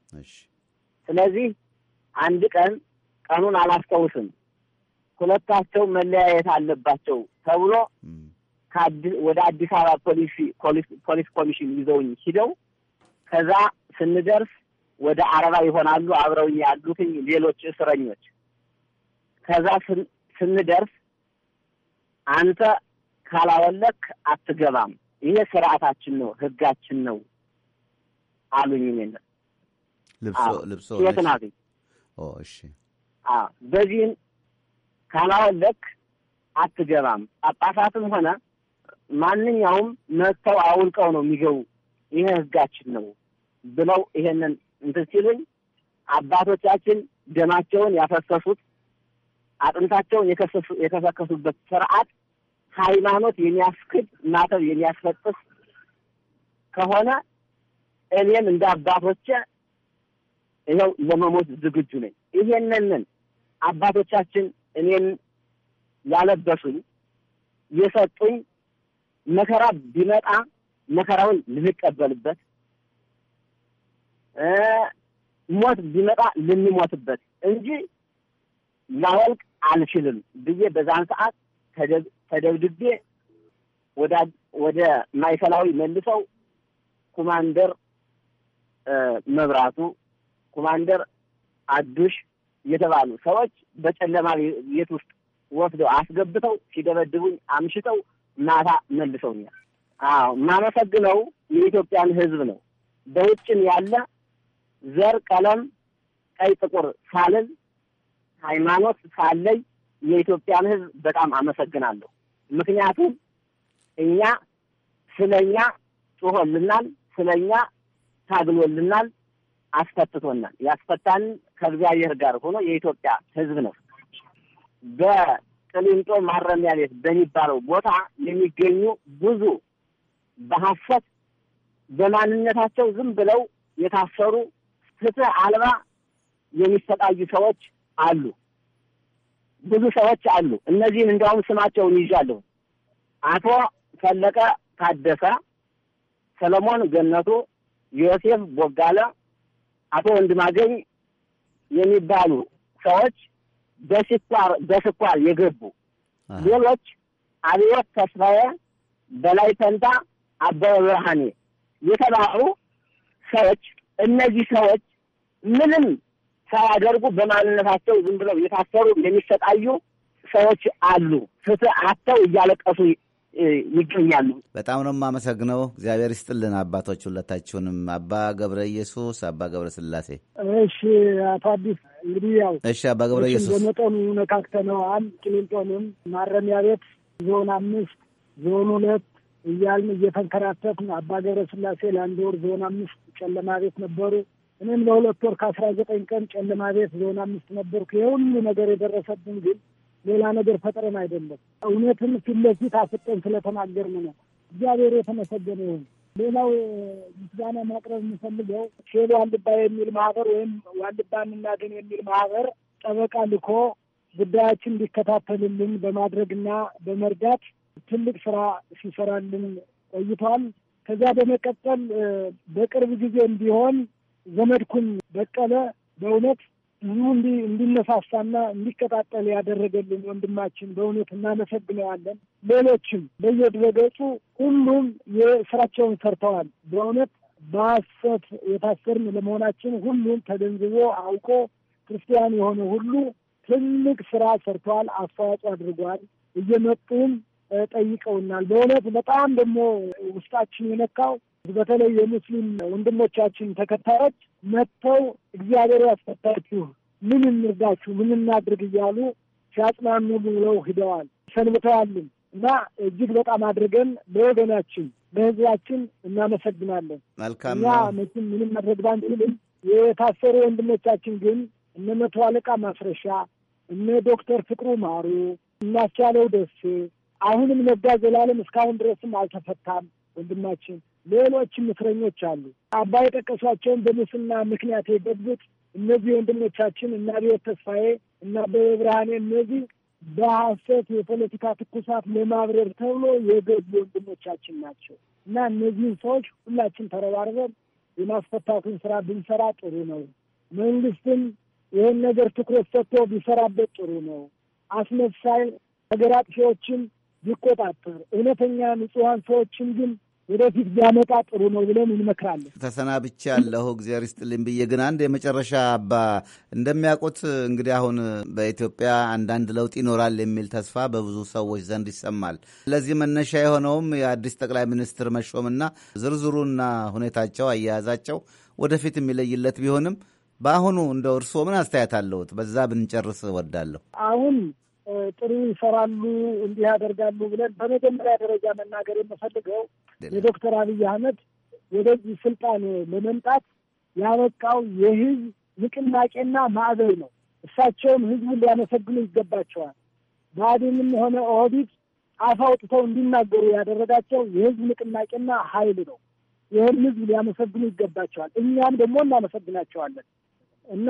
ስለዚህ አንድ ቀን ቀኑን አላስታውስም፣ ሁለታቸው መለያየት አለባቸው ተብሎ ወደ አዲስ አበባ ፖሊስ ኮሚሽን ይዘውኝ ሂደው ከዛ ስንደርስ ወደ አረባ ይሆናሉ አብረውኝ ያሉትኝ ሌሎች እስረኞች ከዛ ስንደርስ አንተ ካላወለክ አትገባም፣ ይሄ ስርዓታችን ነው፣ ህጋችን ነው አሉኝ። እኔን ልብሶ ልብሶ እሺ በዚህም ካላወለክ አትገባም። ጳጳሳትም ሆነ ማንኛውም መጥተው አውልቀው ነው የሚገቡ፣ ይሄ ህጋችን ነው ብለው ይሄንን እንትን ሲሉኝ አባቶቻችን ደማቸውን ያፈሰሱት አጥንታቸውን የከሰከሱበት ስርዓት ሃይማኖት የሚያስክድ ማተብ የሚያስፈጥስ ከሆነ እኔም እንደ አባቶቼ ይኸው ለመሞት ዝግጁ ነኝ። ይሄንንን አባቶቻችን እኔን ያለበሱኝ የሰጡኝ መከራ ቢመጣ መከራውን ልንቀበልበት፣ ሞት ቢመጣ ልንሞትበት እንጂ ላወልቅ አልችልም ብዬ በዛን ሰዓት ተደብድቤ ወደ ማይከላዊ መልሰው ኮማንደር መብራቱ፣ ኮማንደር አዱሽ የተባሉ ሰዎች በጨለማ ቤት ውስጥ ወስደው አስገብተው ሲደበድቡኝ አምሽተው ማታ መልሰውኛል። አዎ የማመሰግነው የኢትዮጵያን ሕዝብ ነው። በውጭም ያለ ዘር፣ ቀለም፣ ቀይ፣ ጥቁር ሳልል ሃይማኖት ሳለይ የኢትዮጵያን ህዝብ በጣም አመሰግናለሁ። ምክንያቱም እኛ ስለኛ ጩሆልናል፣ ስለኛ ታግሎልናል፣ አስፈትቶናል። ያስፈታን ከእግዚአብሔር ጋር ሆኖ የኢትዮጵያ ህዝብ ነው። በቅሊንጦ ማረሚያ ቤት በሚባለው ቦታ የሚገኙ ብዙ በሐሰት በማንነታቸው ዝም ብለው የታሰሩ ፍትህ አልባ የሚሰቃዩ ሰዎች አሉ፣ ብዙ ሰዎች አሉ። እነዚህን እንዲያውም ስማቸውን ይዣለሁ። አቶ ፈለቀ ታደሰ፣ ሰለሞን ገነቱ፣ ዮሴፍ ቦጋለ፣ አቶ ወንድማገኝ የሚባሉ ሰዎች በስኳር በስኳር የገቡ ሌሎች አብዮት ተስፋዬ፣ በላይ ፈንታ፣ አበበ ብርሃኔ የተባሉ ሰዎች እነዚህ ሰዎች ምንም ሳያደርጉ በማንነታቸው ዝም ብለው የታሰሩ የሚሰቃዩ ሰዎች አሉ። ፍትህ አጥተው እያለቀሱ ይገኛሉ። በጣም ነው የማመሰግነው። እግዚአብሔር ይስጥልን አባቶች ሁለታችሁንም፣ አባ ገብረ ኢየሱስ፣ አባ ገብረ ስላሴ። እሺ አቶ አዲስ እንግዲህ ያው እሺ አባ ገብረ ኢየሱስ በመጠኑ ነካክተነዋል። ቂሊንጦንም ማረሚያ ቤት ዞን አምስት ዞን ሁለት እያልን እየተንከራተትን አባ ገብረ ስላሴ ለአንድ ወር ዞን አምስት ጨለማ ቤት ነበሩ። እኔም ለሁለት ወር ከአስራ ዘጠኝ ቀን ጨለማ ቤት ዞን አምስት ነበርኩ። የሁሉ ነገር የደረሰብን ግን ሌላ ነገር ፈጥረን አይደለም፣ እውነትም ፊት ለፊት አፍጠን ስለተናገርን ነው። እግዚአብሔር የተመሰገነ ይሁን። ሌላው ምስጋና ማቅረብ የምፈልገው ሼል ዋልባ የሚል ማህበር ወይም ዋልባ እናገኝ የሚል ማህበር ጠበቃ ልኮ ጉዳያችን እንዲከታተልልን በማድረግና በመርዳት ትልቅ ስራ ሲሰራልን ቆይቷል። ከዚያ በመቀጠል በቅርብ ጊዜ እንዲሆን ዘመድኩን በቀለ በእውነት ብዙ እንዲነሳሳና እንዲቀጣጠል ያደረገልን ወንድማችን በእውነት እናመሰግነዋለን። ሌሎችም በየድረገጹ ሁሉም የስራቸውን ሰርተዋል። በእውነት በሐሰት የታሰርን ለመሆናችን ሁሉም ተገንዝቦ አውቆ ክርስቲያን የሆነ ሁሉ ትልቅ ስራ ሰርተዋል፣ አስተዋጽኦ አድርጓል። እየመጡም ጠይቀውናል። በእውነት በጣም ደግሞ ውስጣችን የነካው በተለይ የሙስሊም ወንድሞቻችን ተከታዮች መጥተው እግዚአብሔር ያስፈታችሁ፣ ምን እንርዳችሁ፣ ምን እናድርግ እያሉ ሲያጽናኑ ብለው ሂደዋል ሰንብተዋልን እና እጅግ በጣም አድርገን ለወገናችን በህዝባችን እናመሰግናለን። መልካም እኛ መቼም ምንም መድረግ ባንችልም የታሰሩ ወንድሞቻችን ግን እነ መቶ አለቃ ማስረሻ፣ እነ ዶክተር ፍቅሩ ማሩ፣ እናስቻለው ደሴ አሁንም ነጋ ዘላለም እስካሁን ድረስም አልተፈታም ወንድማችን ሌሎችም እስረኞች አሉ። አባ የጠቀሷቸውን በሙስና ምክንያት የገቡት እነዚህ ወንድሞቻችን እና አብዮት ተስፋዬ እና በብርሃኔ እነዚህ በሐሰት የፖለቲካ ትኩሳት ለማብረር ተብሎ የገቡ ወንድሞቻችን ናቸው እና እነዚህን ሰዎች ሁላችን ተረባርበን የማስፈታቱን ስራ ብንሰራ ጥሩ ነው። መንግስትም ይህን ነገር ትኩረት ሰጥቶ ቢሰራበት ጥሩ ነው። አስመሳይ ሀገር አጥፊዎችን ቢቆጣጠር፣ እውነተኛ ንጹሐን ሰዎችን ግን ወደፊት ቢያመጣ ጥሩ ነው ብለን እንመክራለን። ተሰናብቻ ያለሁ እግዚአብሔር ይስጥልኝ ብዬ ግን አንድ የመጨረሻ አባ እንደሚያውቁት እንግዲህ አሁን በኢትዮጵያ አንዳንድ ለውጥ ይኖራል የሚል ተስፋ በብዙ ሰዎች ዘንድ ይሰማል። ለዚህ መነሻ የሆነውም የአዲስ ጠቅላይ ሚኒስትር መሾምና ዝርዝሩና ሁኔታቸው አያያዛቸው ወደፊት የሚለይለት ቢሆንም በአሁኑ እንደ እርስዎ ምን አስተያየት አለሁት? በዛ ብንጨርስ እወዳለሁ። አሁን ጥሩ ይሰራሉ እንዲህ ያደርጋሉ ብለን በመጀመሪያ ደረጃ መናገር የምፈልገው የዶክተር አብይ አህመድ ወደዚህ ስልጣን ለመምጣት ያበቃው የህዝብ ንቅናቄና ማዕበል ነው። እሳቸውም ህዝቡን ሊያመሰግኑ ይገባቸዋል። ብአዴንም ሆነ ኦህዴድ አፍ አውጥተው እንዲናገሩ ያደረጋቸው የህዝብ ንቅናቄና ኃይል ነው። ይህን ህዝብ ሊያመሰግኑ ይገባቸዋል። እኛም ደግሞ እናመሰግናቸዋለን እና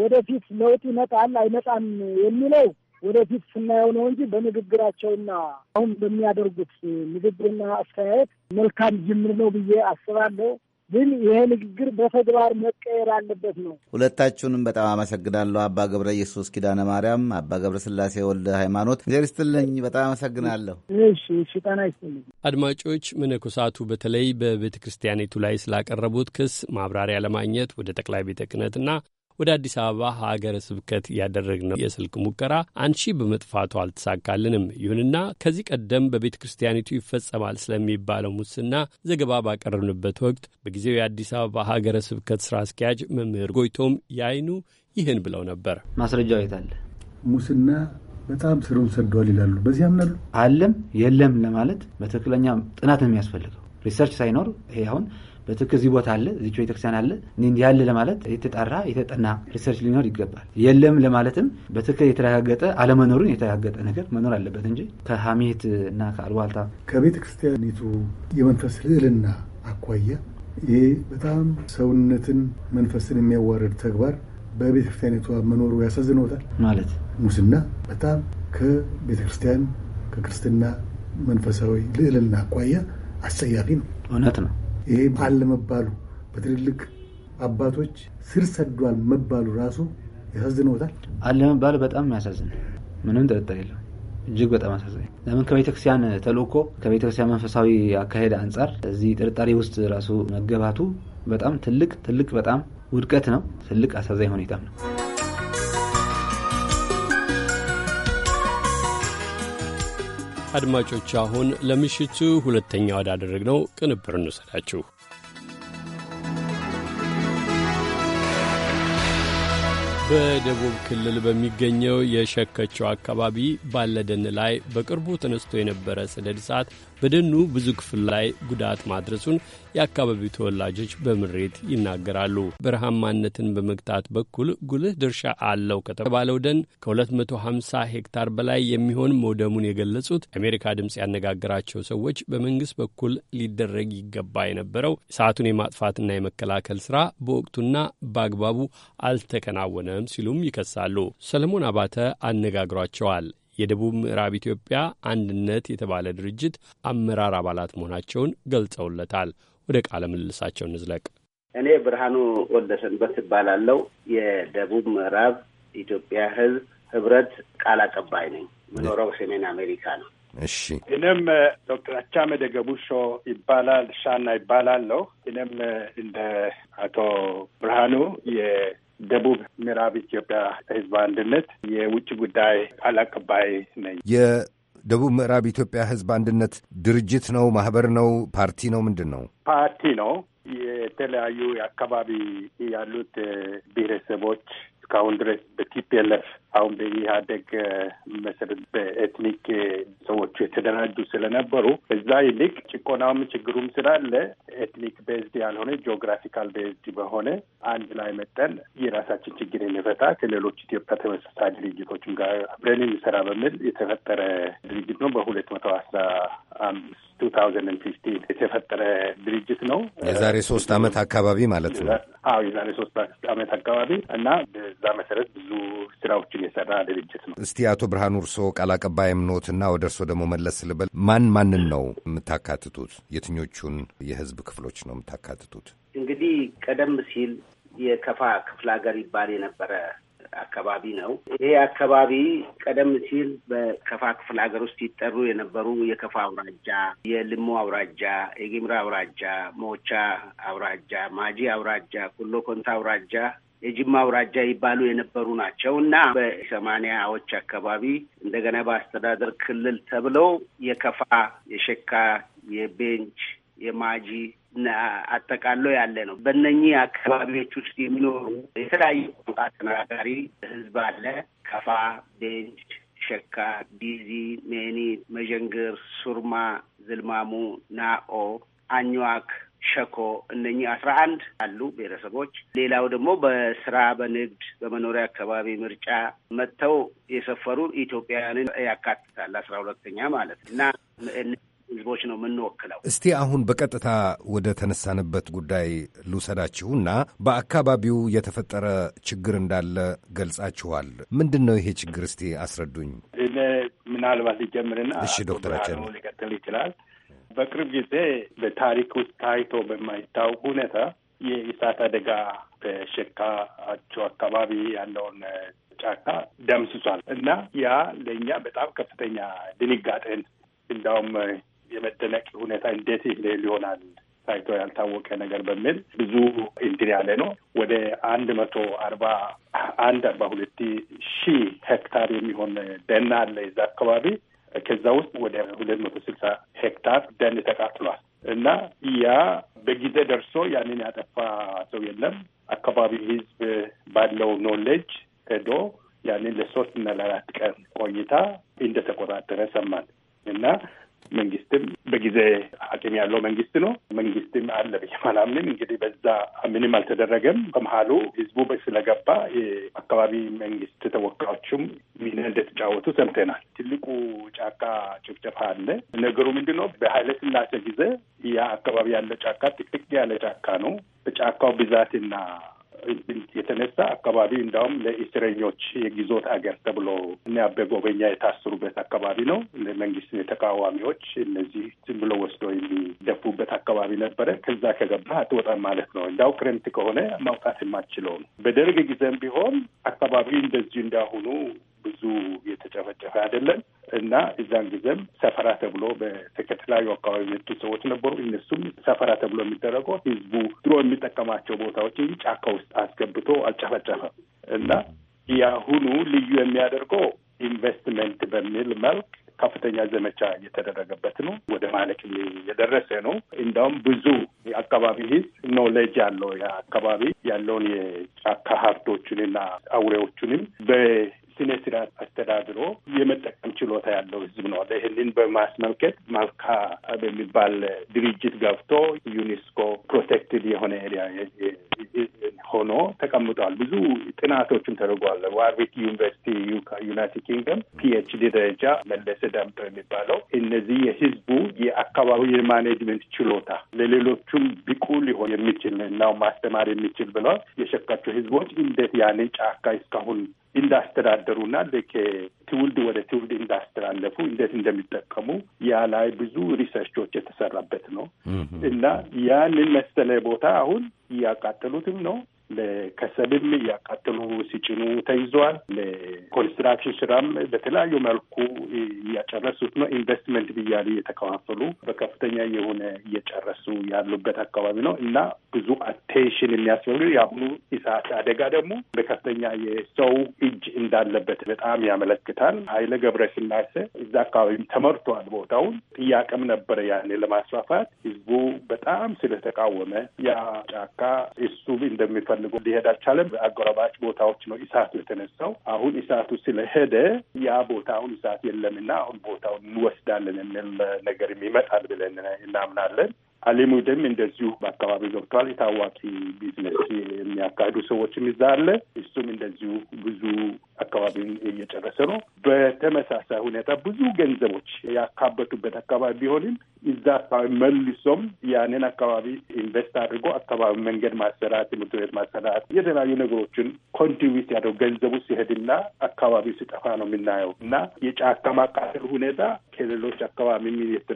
ወደፊት ለውጥ ይመጣል አይመጣም የሚለው ወደፊት ስናየው ነው እንጂ በንግግራቸውና አሁን በሚያደርጉት ንግግርና አስተያየት መልካም ጅምር ነው ብዬ አስባለሁ። ግን ይሄ ንግግር በተግባር መቀየር አለበት ነው። ሁለታችሁንም በጣም አመሰግናለሁ። አባ ገብረ ኢየሱስ ኪዳነ ማርያም፣ አባ ገብረ ስላሴ ወልደ ሃይማኖት፣ እግዚአብሔር ይስጥልኝ። በጣም አመሰግናለሁ። እሺ፣ እሺ፣ ጤና ይስጥልኝ። አድማጮች፣ መነኮሳቱ በተለይ በቤተ ክርስቲያኒቱ ላይ ስላቀረቡት ክስ ማብራሪያ ለማግኘት ወደ ጠቅላይ ቤተ ክህነትና ወደ አዲስ አበባ ሀገረ ስብከት ያደረግነው የስልክ ሙከራ አንሺ በመጥፋቱ አልተሳካልንም። ይሁንና ከዚህ ቀደም በቤተ ክርስቲያኒቱ ይፈጸማል ስለሚባለው ሙስና ዘገባ ባቀረብንበት ወቅት በጊዜው የአዲስ አበባ ሀገረ ስብከት ስራ አስኪያጅ መምህር ጎይቶም ያይኑ ይህን ብለው ነበር። ማስረጃው የት አለ? ሙስና በጣም ስሩን ሰዷል ይላሉ። በዚህ ያምናሉ። አለም የለም ለማለት በትክክለኛ ጥናት ነው የሚያስፈልገው። ሪሰርች ሳይኖር ይሄ አሁን በትክክል እዚህ ቦታ አለ፣ እዚች ቤተክርስቲያን አለ፣ እንዲህ ያለ ለማለት የተጠራ የተጠና ሪሰርች ሊኖር ይገባል። የለም ለማለትም በትክክል የተረጋገጠ አለመኖሩን የተረጋገጠ ነገር መኖር አለበት እንጂ ከሀሜት እና ከአልዋልታ ከቤተክርስቲያኒቱ የመንፈስ ልዕልና አኳያ ይህ በጣም ሰውነትን መንፈስን የሚያዋርድ ተግባር በቤተክርስቲያኒቱ መኖሩ ያሳዝነውታል ማለት ሙስና በጣም ከቤተክርስቲያን ከክርስትና መንፈሳዊ ልዕልና አኳያ አስጸያፊ ነው። እውነት ነው። ይሄ አለ መባሉ በትልልቅ አባቶች ስር ሰዷል መባሉ ራሱ ያሳዝነውታል። አለ በጣም የሚያሳዝን ምንም ጥርጥር የለው። እጅግ በጣም አሳዛኝ። ለምን ከቤተክርስቲያን ተልእኮ ከቤተክርስቲያን መንፈሳዊ አካሄድ አንጻር እዚህ ጥርጣሬ ውስጥ ራሱ መገባቱ በጣም ትልቅ ትልቅ በጣም ውድቀት ነው። ትልቅ አሳዛኝ ሁኔታም ነው። አድማጮች አሁን ለምሽቱ ሁለተኛ ወዳደረግነው ቅንብር እንውሰዳችሁ። በደቡብ ክልል በሚገኘው የሸከችው አካባቢ ባለደን ላይ በቅርቡ ተነስቶ የነበረ ሰደድ እሳት በደኑ ብዙ ክፍል ላይ ጉዳት ማድረሱን የአካባቢው ተወላጆች በምሬት ይናገራሉ። በረሃማነትን በመግታት በኩል ጉልህ ድርሻ አለው ከተባለው ደን ከ250 ሄክታር በላይ የሚሆን መውደሙን የገለጹት የአሜሪካ ድምፅ ያነጋገራቸው ሰዎች በመንግስት በኩል ሊደረግ ይገባ የነበረው እሳቱን የማጥፋትና የመከላከል ስራ በወቅቱና በአግባቡ አልተከናወነም ሲሉም ይከሳሉ። ሰለሞን አባተ አነጋግሯቸዋል። የደቡብ ምዕራብ ኢትዮጵያ አንድነት የተባለ ድርጅት አመራር አባላት መሆናቸውን ገልጸውለታል። ወደ ቃለ ምልልሳቸው እንዝለቅ። እኔ ብርሃኑ ወደሰንበት እባላለሁ። የደቡብ ምዕራብ ኢትዮጵያ ሕዝብ ህብረት ቃል አቀባይ ነኝ። ምኖረው ሰሜን አሜሪካ ነው። እሺ እኔም ዶክተር አቻመ ደገቡሾ ይባላል ሻና ይባላለሁ። እኔም እንደ አቶ ብርሃኑ ደቡብ ምዕራብ ኢትዮጵያ ህዝብ አንድነት የውጭ ጉዳይ ቃል አቀባይ ነኝ። የደቡብ ምዕራብ ኢትዮጵያ ህዝብ አንድነት ድርጅት ነው፣ ማህበር ነው፣ ፓርቲ ነው፣ ምንድን ነው? ፓርቲ ነው። የተለያዩ አካባቢ ያሉት ብሔረሰቦች እስካሁን ድረስ በቲፒኤልኤፍ አሁን በኢህአደግ መሰረት በኤትኒክ ሰዎቹ የተደራጁ ስለነበሩ እዛ ይልቅ ጭቆናውም ችግሩም ስላለ ኤትኒክ ቤዝድ ያልሆነ ጂኦግራፊካል ቤዝድ በሆነ አንድ ላይ መጠን የራሳችን ችግር የሚፈታ ከሌሎች ኢትዮጵያ ተመሳሳይ ድርጅቶችም ጋር አብረን የሚሰራ በሚል የተፈጠረ ድርጅት ነው። በሁለት መቶ አስራ አምስት ቱ ታውዘንድ ፊፍቲን የተፈጠረ ድርጅት ነው። የዛሬ ሶስት አመት አካባቢ ማለት ነው። አዎ የዛሬ ሶስት አመት አካባቢ እና በዛ መሰረት ብዙ ስራዎች የሰራ ድርጅት ነው። እስቲ አቶ ብርሃኑ እርስዎ ቃል አቀባይም ኖትና ወደ እርሶ ደግሞ መለስ ልበል። ማን ማንን ነው የምታካትቱት? የትኞቹን የህዝብ ክፍሎች ነው የምታካትቱት? እንግዲህ ቀደም ሲል የከፋ ክፍለ ሀገር ይባል የነበረ አካባቢ ነው። ይሄ አካባቢ ቀደም ሲል በከፋ ክፍለ ሀገር ውስጥ ይጠሩ የነበሩ የከፋ አውራጃ፣ የልሞ አውራጃ፣ የጊምራ አውራጃ፣ ሞቻ አውራጃ፣ ማጂ አውራጃ፣ ኩሎ ኮንታ አውራጃ የጅማ አውራጃ ይባሉ የነበሩ ናቸው እና በሰማኒያዎች አካባቢ እንደገና በአስተዳደር ክልል ተብለው የከፋ፣ የሸካ፣ የቤንች፣ የማጂ አጠቃሎ ያለ ነው። በእነኚህ አካባቢዎች ውስጥ የሚኖሩ የተለያዩ ቋንቋ ተናጋሪ ህዝብ አለ። ከፋ፣ ቤንች፣ ሸካ፣ ቢዚ፣ ሜኒ፣ መዠንግር፣ ሱርማ፣ ዝልማሙ፣ ናኦ፣ አኝዋክ ሸኮ እነኚህ አስራ አንድ አሉ ብሔረሰቦች። ሌላው ደግሞ በስራ በንግድ በመኖሪያ አካባቢ ምርጫ መጥተው የሰፈሩ ኢትዮጵያውያንን ያካትታል። አስራ ሁለተኛ ማለት እና ህዝቦች ነው የምንወክለው። እስቲ አሁን በቀጥታ ወደ ተነሳንበት ጉዳይ እና በአካባቢው የተፈጠረ ችግር እንዳለ ገልጻችኋል። ምንድን ነው ይሄ ችግር? እስቲ አስረዱኝ። ምናልባት ሊጀምርና እሺ፣ ዶክተራችን ሊቀጥል ይችላል። በቅርብ ጊዜ በታሪክ ውስጥ ታይቶ በማይታወቅ ሁኔታ የእሳት አደጋ በሸካቸው አካባቢ ያለውን ጫካ ደምስሷል እና ያ ለእኛ በጣም ከፍተኛ ድንጋጤን እንዳውም የመደነቅ ሁኔታ እንዴት ይህ ሊሆናል ታይቶ ያልታወቀ ነገር በሚል ብዙ እንትን ያለ ነው። ወደ አንድ መቶ አርባ አንድ አርባ ሁለት ሺህ ሄክታር የሚሆን ደን አለ እዛ አካባቢ ከዛ ውስጥ ወደ ሁለት መቶ ስልሳ ሄክታር ደን ተቃጥሏል እና ያ በጊዜ ደርሶ ያንን ያጠፋ ሰው የለም። አካባቢ ህዝብ ባለው ኖሌጅ ሄዶ ያንን ለሶስት እና ለአራት ቀን ቆይታ እንደተቆጣጠረ ሰማን እና መንግስትም በጊዜ አቅም ያለው መንግስት ነው። መንግስትም አለ ብዬ አላምንም። እንግዲህ በዛ ምንም አልተደረገም። በመሀሉ ህዝቡ ስለገባ የአካባቢ መንግስት ተወካዮችም ሚና እንደተጫወቱ ሰምተናል። ትልቁ ጫካ ጭፍጨፋ አለ። ነገሩ ምንድን ነው? በኃይለስላሴ ጊዜ ያ አካባቢ ያለ ጫካ ጥቅጥቅ ያለ ጫካ ነው። በጫካው ብዛትና የተነሳ አካባቢ እንዳውም ለእስረኞች የጊዞት አገር ተብሎ እነ አቤ ጎበኛ የታሰሩበት አካባቢ ነው። ለመንግስት የተቃዋሚዎች እነዚህ ዝም ብሎ ወስዶ የሚደፉበት አካባቢ ነበረ። ከዛ ከገባ አትወጣም ማለት ነው። እንዳው ክረምት ከሆነ ማውጣት የማችለው ነው። በደርግ ጊዜም ቢሆን አካባቢ እንደዚህ እንዳሁኑ ብዙ የተጨፈጨፈ አይደለም እና እዛን ጊዜም ሰፈራ ተብሎ ከተለያዩ አካባቢ የመጡ ሰዎች ነበሩ። እነሱም ሰፈራ ተብሎ የሚደረገው ህዝቡ ድሮ የሚጠቀማቸው ቦታዎች እንጂ ጫካ ውስጥ አስገብቶ አልጨፈጨፈም እና የአሁኑ ልዩ የሚያደርገው ኢንቨስትመንት በሚል መልክ ከፍተኛ ዘመቻ እየተደረገበት ነው። ወደ ማለቅ የደረሰ ነው። እንዲያውም ብዙ የአካባቢ ህዝብ ኖሌጅ ያለው የአካባቢ ያለውን የጫካ ሀብቶቹንና አውሬዎቹንም በ ስነ አስተዳድሮ የመጠቀም ችሎታ ያለው ህዝብ ነው። ይህንን በማስመልከት ማልካ በሚባል ድርጅት ገብቶ ዩኔስኮ ፕሮቴክትድ የሆነ ኤሪያ ሆኖ ተቀምጧል። ብዙ ጥናቶችም ተደርጓል። ዋርዊክ ዩኒቨርሲቲ ዩናይትድ ኪንግደም ፒኤችዲ ደረጃ መለሰ ዳምጦ የሚባለው እነዚህ የህዝቡ የአካባቢ የማኔጅመንት ችሎታ ለሌሎቹም ብቁ ሊሆን የሚችል ነው ማስተማር የሚችል ብለዋል። የሸካቸው ህዝቦች እንዴት ያንን ጫካ እስካሁን እንዳስተዳደሩና ከትውልድ ወደ ትውልድ እንዳስተላለፉ እንዴት እንደሚጠቀሙ ያ ላይ ብዙ ሪሰርቾች የተሰራበት ነው እና ያንን መሰለ ቦታ አሁን እያቃጠሉትም ነው ለከሰልም እያቃጠሉ ሲጭኑ ተይዘዋል። ለኮንስትራክሽን ስራም በተለያዩ መልኩ እያጨረሱት ነው። ኢንቨስትመንት ብያሉ እየተከፋፈሉ በከፍተኛ የሆነ እየጨረሱ ያሉበት አካባቢ ነው እና ብዙ አቴንሽን የሚያስፈልግ የአሁኑ እሳት አደጋ ደግሞ በከፍተኛ የሰው እጅ እንዳለበት በጣም ያመለክታል። ኃይለ ስላሴ እዛ አካባቢ ተመርቷል። ቦታውን ጥያቄም ነበረ ያኔ ለማስፋፋት ህዝቡ በጣም ስለተቃወመ ያ ጫካ እሱ እንደሚፈ ፈልጎ ሊሄድ አልቻለም። አጎራባች ቦታዎች ነው እሳቱ የተነሳው። አሁን እሳቱ ስለሄደ ያ ቦታ አሁን እሳት የለምና አሁን ቦታውን እንወስዳለን የሚል ነገር ይመጣል ብለን እናምናለን። አሊሙድም እንደዚሁ በአካባቢ ገብቷል። የታዋቂ ቢዝነስ የሚያካሂዱ ሰዎችም ይዛ አለ። እሱም እንደዚሁ ብዙ አካባቢውን እየጨረሰ ነው። በተመሳሳይ ሁኔታ ብዙ ገንዘቦች ያካበቱበት አካባቢ ቢሆንም እዛ አካባቢ መልሶም ያንን አካባቢ ኢንቨስት አድርጎ አካባቢ መንገድ ማሰራት፣ ትምህርት ቤት ማሰራት፣ የተለያዩ ነገሮችን ኮንትሪቢዩት ያደው ገንዘቡ ሲሄድና አካባቢው ሲጠፋ ነው የምናየው እና የጫካ ማቃጠል ሁኔታ ከሌሎች አካባቢ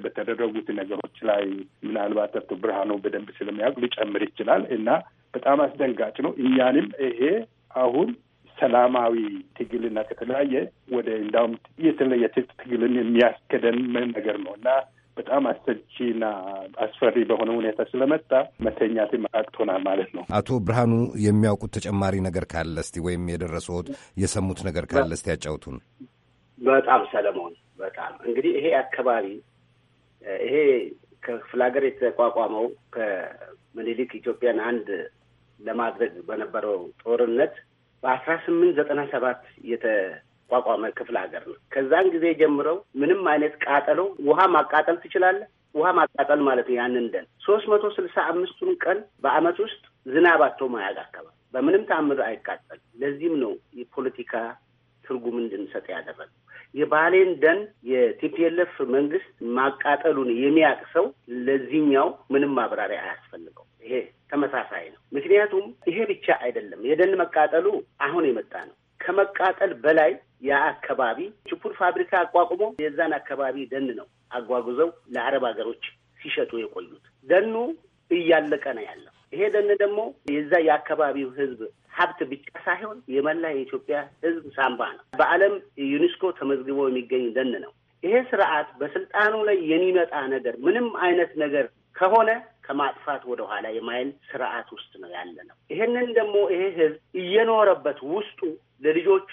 በተደረጉት ነገሮች ላይ ምናልባት አቶ ብርሃኑ በደንብ ስለሚያውቅ ሊጨምር ይችላል እና በጣም አስደንጋጭ ነው። እኛንም ይሄ አሁን ሰላማዊ ትግልና ከተለያየ ወደ እንዳውም የተለየ ትግልን የሚያስከደን ነገር ነው እና በጣም አሰልቺና አስፈሪ በሆነ ሁኔታ ስለመጣ መተኛት አቅቶናል ማለት ነው። አቶ ብርሃኑ የሚያውቁት ተጨማሪ ነገር ካለ እስቲ ወይም የደረሱት የሰሙት ነገር ካለ እስቲ ያጫውቱን። በጣም ሰለሞን፣ በጣም እንግዲህ ይሄ አካባቢ ይሄ ከክፍለ ሀገር የተቋቋመው ከምኒልክ ኢትዮጵያን አንድ ለማድረግ በነበረው ጦርነት በአስራ ስምንት ዘጠና ሰባት የተቋቋመ ክፍለ ሀገር ነው። ከዛን ጊዜ ጀምረው ምንም አይነት ቃጠሎ ውሃ ማቃጠል ትችላለህ። ውሃ ማቃጠል ማለት ነው። ያንን ደን ሶስት መቶ ስልሳ አምስቱን ቀን በአመት ውስጥ ዝናብ አቶ ማያቅ አካባቢ በምንም ተአምር አይቃጠልም። ለዚህም ነው የፖለቲካ ትርጉም እንድንሰጥ ያደረገ የባሌን ደን የቲፒኤልኤፍ መንግስት ማቃጠሉን የሚያቅ ሰው ለዚህኛው ምንም ማብራሪያ አያስፈልገው። ይሄ ተመሳሳይ ነው። ምክንያቱም ይሄ ብቻ አይደለም። የደን መቃጠሉ አሁን የመጣ ነው። ከመቃጠል በላይ የአካባቢ ችፑር ፋብሪካ አቋቁሞ የዛን አካባቢ ደን ነው አጓጉዘው ለአረብ ሀገሮች ሲሸጡ የቆዩት። ደኑ እያለቀ ነው ያለው። ይሄ ደን ደግሞ የዛ የአካባቢው ህዝብ ሀብት ብቻ ሳይሆን የመላ የኢትዮጵያ ህዝብ ሳምባ ነው። በዓለም ዩኒስኮ ተመዝግቦ የሚገኝ ደን ነው። ይሄ ስርዓት በስልጣኑ ላይ የሚመጣ ነገር ምንም አይነት ነገር ከሆነ ከማጥፋት ወደኋላ የማይል ስርዓት ውስጥ ነው ያለ ነው። ይሄንን ደግሞ ይሄ ህዝብ እየኖረበት ውስጡ ለልጆቹ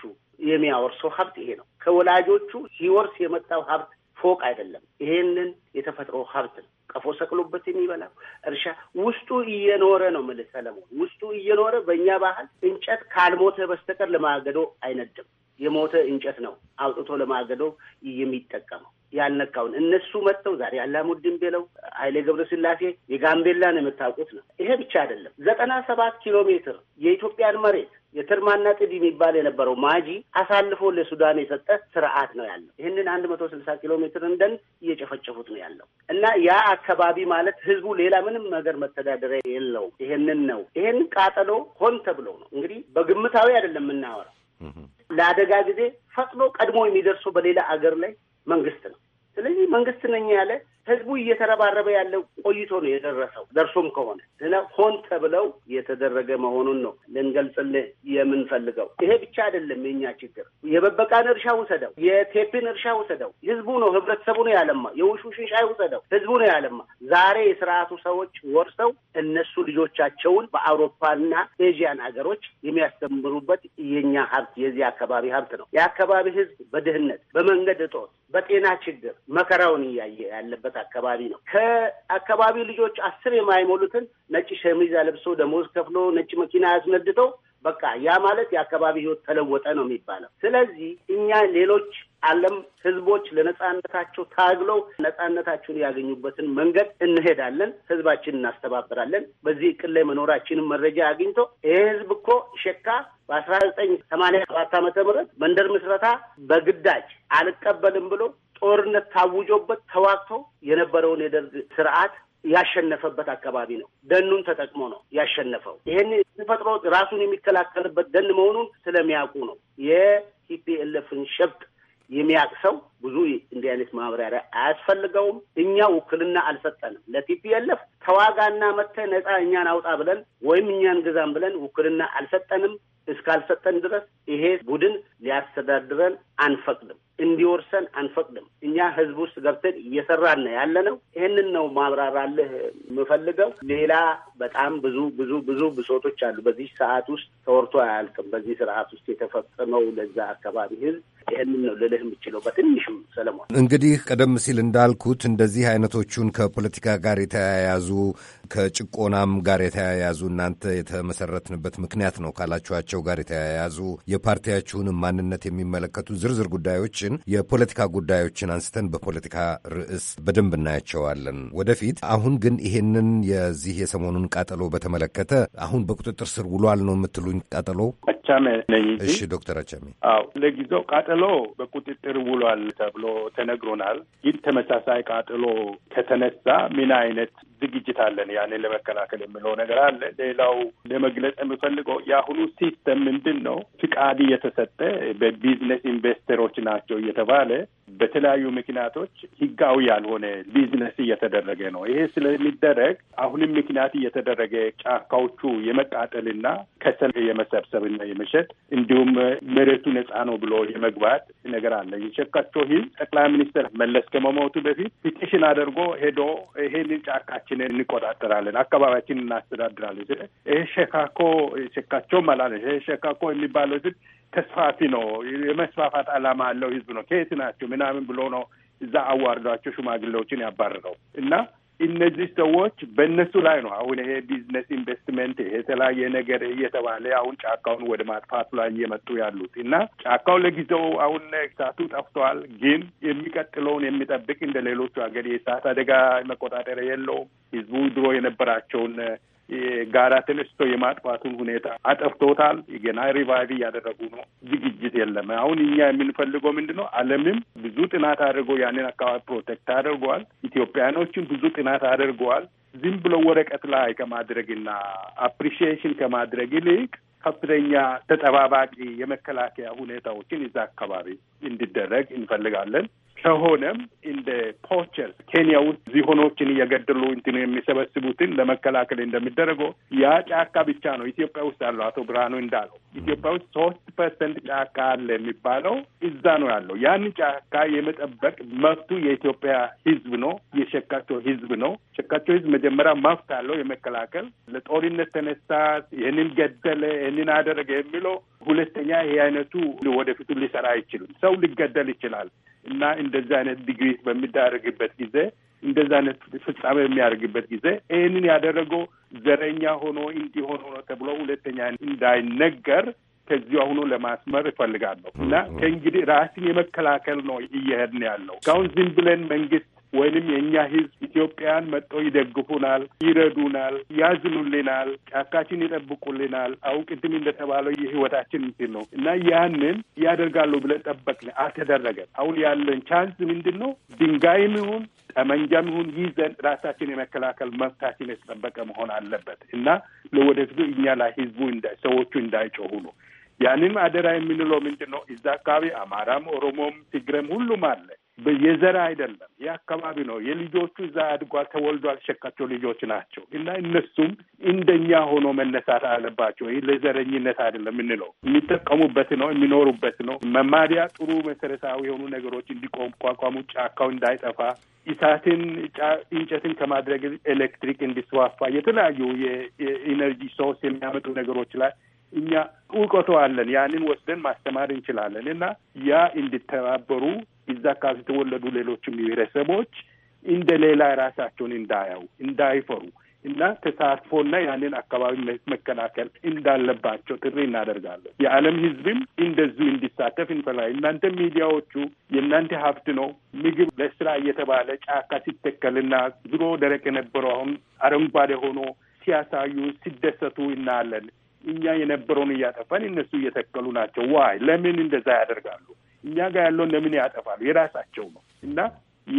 የሚያወርሰው ሀብት ይሄ ነው። ከወላጆቹ ሲወርስ የመጣው ሀብት ፎቅ አይደለም። ይሄንን የተፈጥሮ ሀብት ነው። ቀፎ ሰቅሎበት የሚበላው እርሻ ውስጡ እየኖረ ነው። ምል ሰለሞን፣ ውስጡ እየኖረ በእኛ ባህል እንጨት ካልሞተ በስተቀር ለማገዶ አይነድም። የሞተ እንጨት ነው አውጥቶ ለማገዶ የሚጠቀመው። ያልነካውን እነሱ መጥተው ዛሬ አላሙዲን ቤለው ኃይሌ ገብረስላሴ የጋምቤላን የምታውቁት ነው። ይሄ ብቻ አይደለም። ዘጠና ሰባት ኪሎ ሜትር የኢትዮጵያን መሬት የትርማና ጥድ የሚባል የነበረው ማጂ አሳልፎ ለሱዳን የሰጠ ስርዓት ነው ያለው። ይህንን አንድ መቶ ስልሳ ኪሎ ሜትር እንደን እየጨፈጨፉት ነው ያለው እና ያ አካባቢ ማለት ህዝቡ ሌላ ምንም ነገር መተዳደሪያ የለው ይሄንን ነው ይሄን ቃጠሎ ሆን ተብሎ ነው እንግዲህ በግምታዊ አይደለም የምናወራው ለአደጋ ጊዜ ፈጥኖ ቀድሞ የሚደርሰው በሌላ አገር ላይ መንግስት ነው። ስለዚህ መንግስት ነኝ ያለ ህዝቡ እየተረባረበ ያለው ቆይቶ ነው የደረሰው። ደርሶም ከሆነ ሆን ተብለው የተደረገ መሆኑን ነው ልንገልጽልህ የምንፈልገው። ይሄ ብቻ አይደለም የኛ ችግር። የበበቃን እርሻ ውሰደው፣ የቴፒን እርሻ ውሰደው፣ ህዝቡ ነው ህብረተሰቡ ነው ያለማ። የውሹሽን ሻይ ውሰደው፣ ህዝቡ ነው ያለማ። ዛሬ የስርዓቱ ሰዎች ወርሰው እነሱ ልጆቻቸውን በአውሮፓና ኤዥያን ሀገሮች የሚያስተምሩበት የኛ ሀብት የዚህ አካባቢ ሀብት ነው። የአካባቢ ህዝብ በድህነት በመንገድ እጦት በጤና ችግር መከራውን እያየ ያለበት ባለበት አካባቢ ነው። ከአካባቢ ልጆች አስር የማይሞሉትን ነጭ ሸሚዝ አለብሶ ደሞዝ ከፍሎ ነጭ መኪና ያስነድተው በቃ ያ ማለት የአካባቢ ህይወት ተለወጠ ነው የሚባለው። ስለዚህ እኛ ሌሎች ዓለም ህዝቦች ለነጻነታቸው ታግለው ነጻነታቸውን ያገኙበትን መንገድ እንሄዳለን። ህዝባችን እናስተባበራለን። በዚህ እቅድ ላይ መኖራችንን መረጃ አግኝቶ ይሄ ህዝብ እኮ ሸካ በአስራ ዘጠኝ ሰማንያ ሰባት ዓመተ ምህረት መንደር ምስረታ በግዳጅ አልቀበልም ብሎ ጦርነት ታውጆበት ተዋግቶ የነበረውን የደርግ ስርዓት ያሸነፈበት አካባቢ ነው። ደኑን ተጠቅሞ ነው ያሸነፈው። ይህን ተፈጥሮ ራሱን የሚከላከልበት ደን መሆኑን ስለሚያውቁ ነው። የቲፒኤልኤፍን ሸፍጥ የሚያውቅ ሰው ብዙ እንዲህ አይነት ማብራሪያ አያስፈልገውም። እኛ ውክልና አልሰጠንም ለቲፒኤልኤፍ። ተዋጋና መጥተህ ነጻ እኛን አውጣ ብለን ወይም እኛን ግዛም ብለን ውክልና አልሰጠንም። እስካልሰጠን ድረስ ይሄ ቡድን ሊያስተዳድረን አንፈቅድም። እንዲወርሰን አንፈቅድም። እኛ ህዝብ ውስጥ ገብተን እየሰራን ያለ ነው። ይህንን ነው ማብራራልህ የምፈልገው ሌላ በጣም ብዙ ብዙ ብዙ ብሶቶች አሉ። በዚህ ሰዓት ውስጥ ተወርቶ አያልቅም። በዚህ ስርዓት ውስጥ የተፈጸመው ለዛ አካባቢ ህዝብ ይህንን ነው ልልህ የምችለው በትንሽም። ሰለሞን እንግዲህ ቀደም ሲል እንዳልኩት እንደዚህ አይነቶቹን ከፖለቲካ ጋር የተያያዙ ከጭቆናም ጋር የተያያዙ እናንተ የተመሰረትንበት ምክንያት ነው ካላችኋቸው ጋር የተያያዙ የፓርቲያችሁንም ማንነት የሚመለከቱ ዝርዝር ጉዳዮችን የፖለቲካ ጉዳዮችን አንስተን በፖለቲካ ርዕስ በደንብ እናያቸዋለን ወደፊት። አሁን ግን ይሄንን የዚህ የሰሞኑን ቃጠሎ በተመለከተ አሁን በቁጥጥር ስር ውሏል ነው የምትሉኝ? ቃጠሎ አቻሜ ነኝ። እሺ ዶክተር አቻሜ። አዎ ለጊዜው ቃጠሎ በቁጥጥር ውሏል ተብሎ ተነግሮናል። ግን ተመሳሳይ ቃጠሎ ከተነሳ ምን አይነት ዝግጅት አለን? ያንን ለመከላከል የምለው ነገር አለ። ሌላው ለመግለጽ የምፈልገው የአሁኑ ሲስተም ምንድን ነው? ፍቃድ እየተሰጠ በቢዝነስ ኢንቨስተሮች ናቸው እየተባለ በተለያዩ ምክንያቶች ህጋዊ ያልሆነ ቢዝነስ እየተደረገ ነው። ይሄ ስለሚደረግ አሁንም ምክንያት እየተ የተደረገ ጫካዎቹ የመቃጠልና ከሰል የመሰብሰብና የመሸጥ እንዲሁም መሬቱ ነፃ ነው ብሎ የመግባት ነገር አለ። የሸካቸው ህዝብ ጠቅላይ ሚኒስትር መለስ ከመሞቱ በፊት ፒቲሽን አድርጎ ሄዶ ይሄን ጫካችንን እንቆጣጠራለን፣ አካባቢያችንን እናስተዳድራለን። ይሄ ሸካኮ ሸካቸው ማለት ይሄ ሸካኮ የሚባለው ህዝብ ተስፋፊ ነው፣ የመስፋፋት አላማ አለው ህዝብ ነው፣ ከየት ናቸው ምናምን ብሎ ነው እዛ አዋርዷቸው ሽማግሌዎችን ያባረረው እና እነዚህ ሰዎች በእነሱ ላይ ነው አሁን ይሄ ቢዝነስ ኢንቨስትመንት ይሄ የተለያየ ነገር እየተባለ አሁን ጫካውን ወደ ማጥፋቱ ላይ እየመጡ ያሉት እና ጫካው ለጊዜው አሁን እሳቱ ጠፍቷል፣ ግን የሚቀጥለውን የሚጠብቅ እንደ ሌሎቹ ሀገር የእሳት አደጋ መቆጣጠር የለውም። ህዝቡ ድሮ የነበራቸውን ጋራ ተነስቶ የማጥፋቱን ሁኔታ አጠፍቶታል። ገና ሪቫይቭ እያደረጉ ነው። ዝግጅት የለም። አሁን እኛ የምንፈልገው ምንድን ነው? ዓለምም ብዙ ጥናት አድርጎ ያንን አካባቢ ፕሮቴክት አድርገዋል። ኢትዮጵያኖችን ብዙ ጥናት አድርገዋል። ዝም ብሎ ወረቀት ላይ ከማድረግና አፕሪሺዬሽን ከማድረግ ይልቅ ከፍተኛ ተጠባባቂ የመከላከያ ሁኔታዎችን እዛ አካባቢ እንዲደረግ እንፈልጋለን። ከሆነም እንደ ፖቸርስ ኬንያ ውስጥ ዝሆኖችን እየገደሉ እንትን የሚሰበስቡትን ለመከላከል እንደሚደረገው ያ ጫካ ብቻ ነው ኢትዮጵያ ውስጥ ያለው። አቶ ብርሃኑ እንዳለው ኢትዮጵያ ውስጥ ሶስት ፐርሰንት ጫካ አለ የሚባለው እዛ ነው ያለው። ያን ጫካ የመጠበቅ መብቱ የኢትዮጵያ ሕዝብ ነው፣ የሸካቾ ሕዝብ ነው። ሸካቾ ሕዝብ መጀመሪያ መብት አለው የመከላከል ለጦርነት ተነሳ፣ ይህንን ገደለ፣ ይህንን አደረገ የሚለው ሁለተኛ ይሄ አይነቱ ወደፊቱ ሊሰራ አይችልም። ሰው ሊገደል ይችላል። እና እንደዚህ አይነት ዲግሪ በሚዳረግበት ጊዜ እንደዚህ አይነት ፍጻሜ የሚያደርግበት ጊዜ ይህንን ያደረገው ዘረኛ ሆኖ እንዲሆን ሆኖ ተብሎ ሁለተኛ እንዳይነገር ከዚሁ አሁኑ ለማስመር እፈልጋለሁ እና ከእንግዲህ ራስን የመከላከል ነው እየሄድን ያለው። እስካሁን ዝም ብለን መንግስት ወይንም የእኛ ህዝብ ኢትዮጵያን መጥተው ይደግፉናል፣ ይረዱናል፣ ያዝኑልናል፣ ጫካችን ይጠብቁልናል። አሁን ቅድም እንደተባለው የህይወታችን እንትን ነው እና ያንን ያደርጋሉ ብለን ጠበቅን፣ አልተደረገም። አሁን ያለን ቻንስ ምንድን ነው? ድንጋይም ይሁን ጠመንጃም ይሁን ይዘን ራሳችን የመከላከል መብታችን የተጠበቀ መሆን አለበት እና ለወደፊቱ እኛ ላይ ህዝቡ ሰዎቹ እንዳይጮሁ ነው። ያንን አደራ የምንለው ምንድን ነው? እዛ አካባቢ አማራም፣ ኦሮሞም፣ ትግረም ሁሉም አለ። የዘር አይደለም፣ የአካባቢ ነው። የልጆቹ እዛ አድጓል ተወልዶ አልሸካቸው ልጆች ናቸው እና እነሱም እንደኛ ሆኖ መነሳት አለባቸው። ይህ ለዘረኝነት አይደለም የምንለው የሚጠቀሙበት ነው፣ የሚኖሩበት ነው። መማሪያ ጥሩ መሰረታዊ የሆኑ ነገሮች እንዲቆም ቋቋሙ ጫካው እንዳይጠፋ እሳትን እንጨትን ከማድረግ ኤሌክትሪክ እንዲስፋፋ የተለያዩ የኢነርጂ ሶርስ የሚያመጡ ነገሮች ላይ እኛ እውቀቱ አለን። ያንን ወስደን ማስተማር እንችላለን እና ያ እንዲተባበሩ እዛ አካባቢ የተወለዱ ሌሎችም ብሔረሰቦች እንደ ሌላ ራሳቸውን እንዳያዩ እንዳይፈሩ እና ተሳትፎና ያንን አካባቢ መከላከል እንዳለባቸው ጥሪ እናደርጋለን። የዓለም ሕዝብም እንደዚሁ እንዲሳተፍ እንፈላል። እናንተ ሚዲያዎቹ የእናንተ ሀብት ነው። ምግብ ለስራ እየተባለ ጫካ ሲተከልና ዝሮ ደረቅ የነበረው አሁን አረንጓዴ ሆኖ ሲያሳዩ ሲደሰቱ እናያለን። እኛ የነበረውን እያጠፋን እነሱ እየተከሉ ናቸው። ዋይ ለምን እንደዛ ያደርጋሉ? እኛ ጋር ያለውን ለምን ያጠፋል? የራሳቸው ነው እና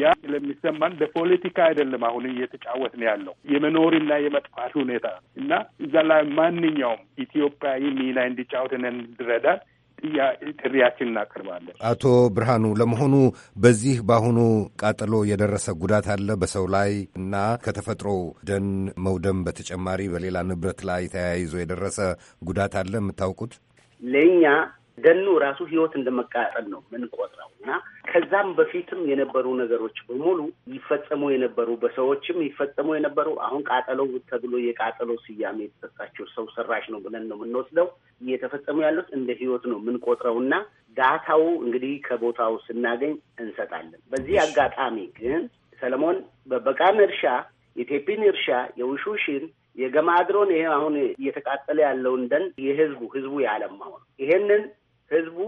ያ ስለሚሰማን በፖለቲካ አይደለም። አሁን እየተጫወት ነው ያለው የመኖርና የመጥፋት ሁኔታ ነው እና እዛ ላይ ማንኛውም ኢትዮጵያዊ ሚና እንዲጫወትን እንድረዳል ጥሪያችን እናቀርባለን። አቶ ብርሃኑ፣ ለመሆኑ በዚህ በአሁኑ ቃጠሎ የደረሰ ጉዳት አለ በሰው ላይ እና ከተፈጥሮ ደን መውደም በተጨማሪ በሌላ ንብረት ላይ ተያይዞ የደረሰ ጉዳት አለ የምታውቁት? ለእኛ ደኑ ራሱ ህይወት እንደመቃጠል ነው ምንቆጥረው እና ከዛም በፊትም የነበሩ ነገሮች በሙሉ ይፈጸሙ የነበሩ በሰዎችም ይፈጸሙ የነበሩ አሁን ቃጠሎ ተብሎ የቃጠሎ ስያሜ የተሰጣቸው ሰው ሰራሽ ነው ብለን ነው የምንወስደው። እየተፈጸሙ ያሉት እንደ ህይወት ነው የምንቆጥረው እና ዳታው እንግዲህ ከቦታው ስናገኝ እንሰጣለን። በዚህ አጋጣሚ ግን ሰለሞን በበቃን እርሻ፣ የቴፒን እርሻ፣ የውሹሽን የገማድሮን ይሄ አሁን እየተቃጠለ ያለውን ደን የህዝቡ ህዝቡ ያለማው ነው። ይሄንን ህዝቡ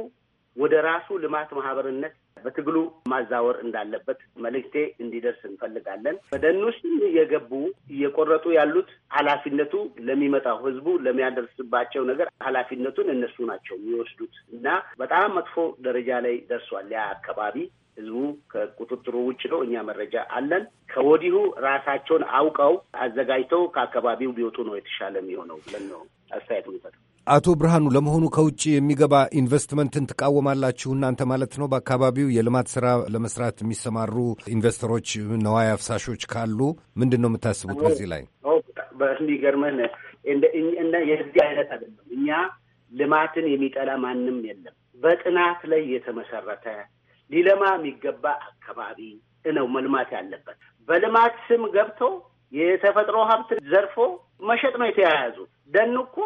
ወደ ራሱ ልማት ማህበርነት በትግሉ ማዛወር እንዳለበት መልእክቴ እንዲደርስ እንፈልጋለን። በደን ውስጥ የገቡ እየቆረጡ ያሉት ኃላፊነቱ ለሚመጣው ህዝቡ ለሚያደርስባቸው ነገር ኃላፊነቱን እነሱ ናቸው የሚወስዱት እና በጣም መጥፎ ደረጃ ላይ ደርሷል ያ አካባቢ። ህዝቡ ከቁጥጥሩ ውጭ ነው። እኛ መረጃ አለን። ከወዲሁ ራሳቸውን አውቀው አዘጋጅተው ከአካባቢው ቢወጡ ነው የተሻለ የሚሆነው ብለን ነው አስተያየት አቶ ብርሃኑ፣ ለመሆኑ ከውጭ የሚገባ ኢንቨስትመንትን ትቃወማላችሁ እናንተ ማለት ነው? በአካባቢው የልማት ስራ ለመስራት የሚሰማሩ ኢንቨስተሮች፣ ነዋይ አፍሳሾች ካሉ ምንድን ነው የምታስቡት በዚህ ላይ? በሚገርመን የዚህ አይነት አይደለም። እኛ ልማትን የሚጠላ ማንም የለም። በጥናት ላይ የተመሰረተ ሊለማ የሚገባ አካባቢ ነው መልማት ያለበት። በልማት ስም ገብቶ የተፈጥሮ ሀብት ዘርፎ መሸጥ ነው የተያያዙ። ደን እኮ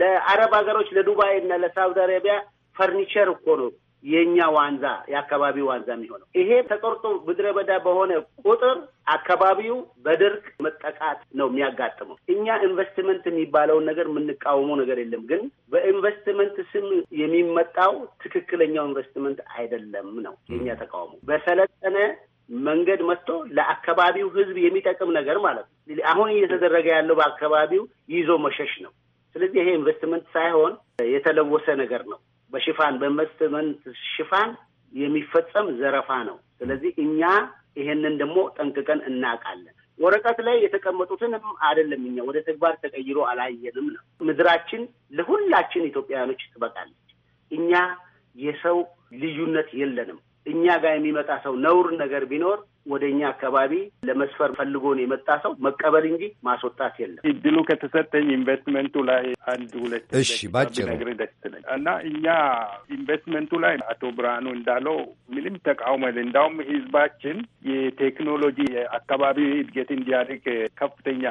ለአረብ ሀገሮች ለዱባይ እና ለሳውዲ አረቢያ ፈርኒቸር እኮ ነው የእኛ ዋንዛ የአካባቢው ዋንዛ የሚሆነው ይሄ ተቆርጦ ምድረ በዳ በሆነ ቁጥር አካባቢው በድርቅ መጠቃት ነው የሚያጋጥመው። እኛ ኢንቨስትመንት የሚባለውን ነገር የምንቃወመው ነገር የለም፣ ግን በኢንቨስትመንት ስም የሚመጣው ትክክለኛው ኢንቨስትመንት አይደለም ነው የእኛ ተቃውሞ። በሰለጠነ መንገድ መጥቶ ለአካባቢው ሕዝብ የሚጠቅም ነገር ማለት ነው። አሁን እየተደረገ ያለው በአካባቢው ይዞ መሸሽ ነው። ስለዚህ ይሄ ኢንቨስትመንት ሳይሆን የተለወሰ ነገር ነው። በሽፋን በኢንቨስትመንት ሽፋን የሚፈጸም ዘረፋ ነው። ስለዚህ እኛ ይሄንን ደግሞ ጠንቅቀን እናውቃለን። ወረቀት ላይ የተቀመጡትንም አይደለም እኛ ወደ ተግባር ተቀይሮ አላየንም ነው። ምድራችን ለሁላችን ኢትዮጵያውያኖች ትበቃለች። እኛ የሰው ልዩነት የለንም። እኛ ጋር የሚመጣ ሰው ነውር ነገር ቢኖር ወደ እኛ አካባቢ ለመስፈር ነው የመጣ ሰው መቀበል እንጂ ማስወጣት የለም። እድሉ ከተሰጠኝ ኢንቨስትመንቱ ላይ አንድ ሁለት እሺ፣ ባጭሩ እና እኛ ኢንቨስትመንቱ ላይ አቶ ብርሃኑ እንዳለው ምንም ተቃውሟል። እንዳውም ህዝባችን የቴክኖሎጂ የአካባቢ እድገት እንዲያድግ ከፍተኛ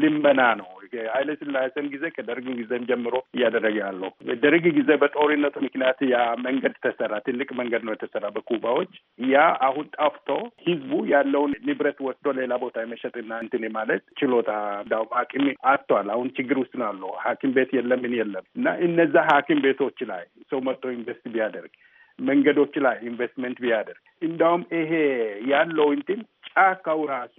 ልመና ነው የኃይለ ስላሴን ጊዜ ከደርግ ጊዜም ጀምሮ እያደረገ ያለው ደርግ ጊዜ በጦርነቱ ምክንያት ያ መንገድ ተሰራ። ትልቅ መንገድ ነው የተሰራ በኩባዎች። ያ አሁን ጠፍቶ ህዝቡ ያለውን ንብረት ወስዶ ሌላ ቦታ የመሸጥና እንትን ማለት ችሎታ እንዳውም አቅም አጥቷል። አሁን ችግር ውስጥ ነው ያለው። ሐኪም ቤት የለም ምን የለም እና እነዛ ሐኪም ቤቶች ላይ ሰው መጥቶ ኢንቨስት ቢያደርግ መንገዶች ላይ ኢንቨስትመንት ቢያደርግ እንዳውም ይሄ ያለው እንትን ጫካው ራሱ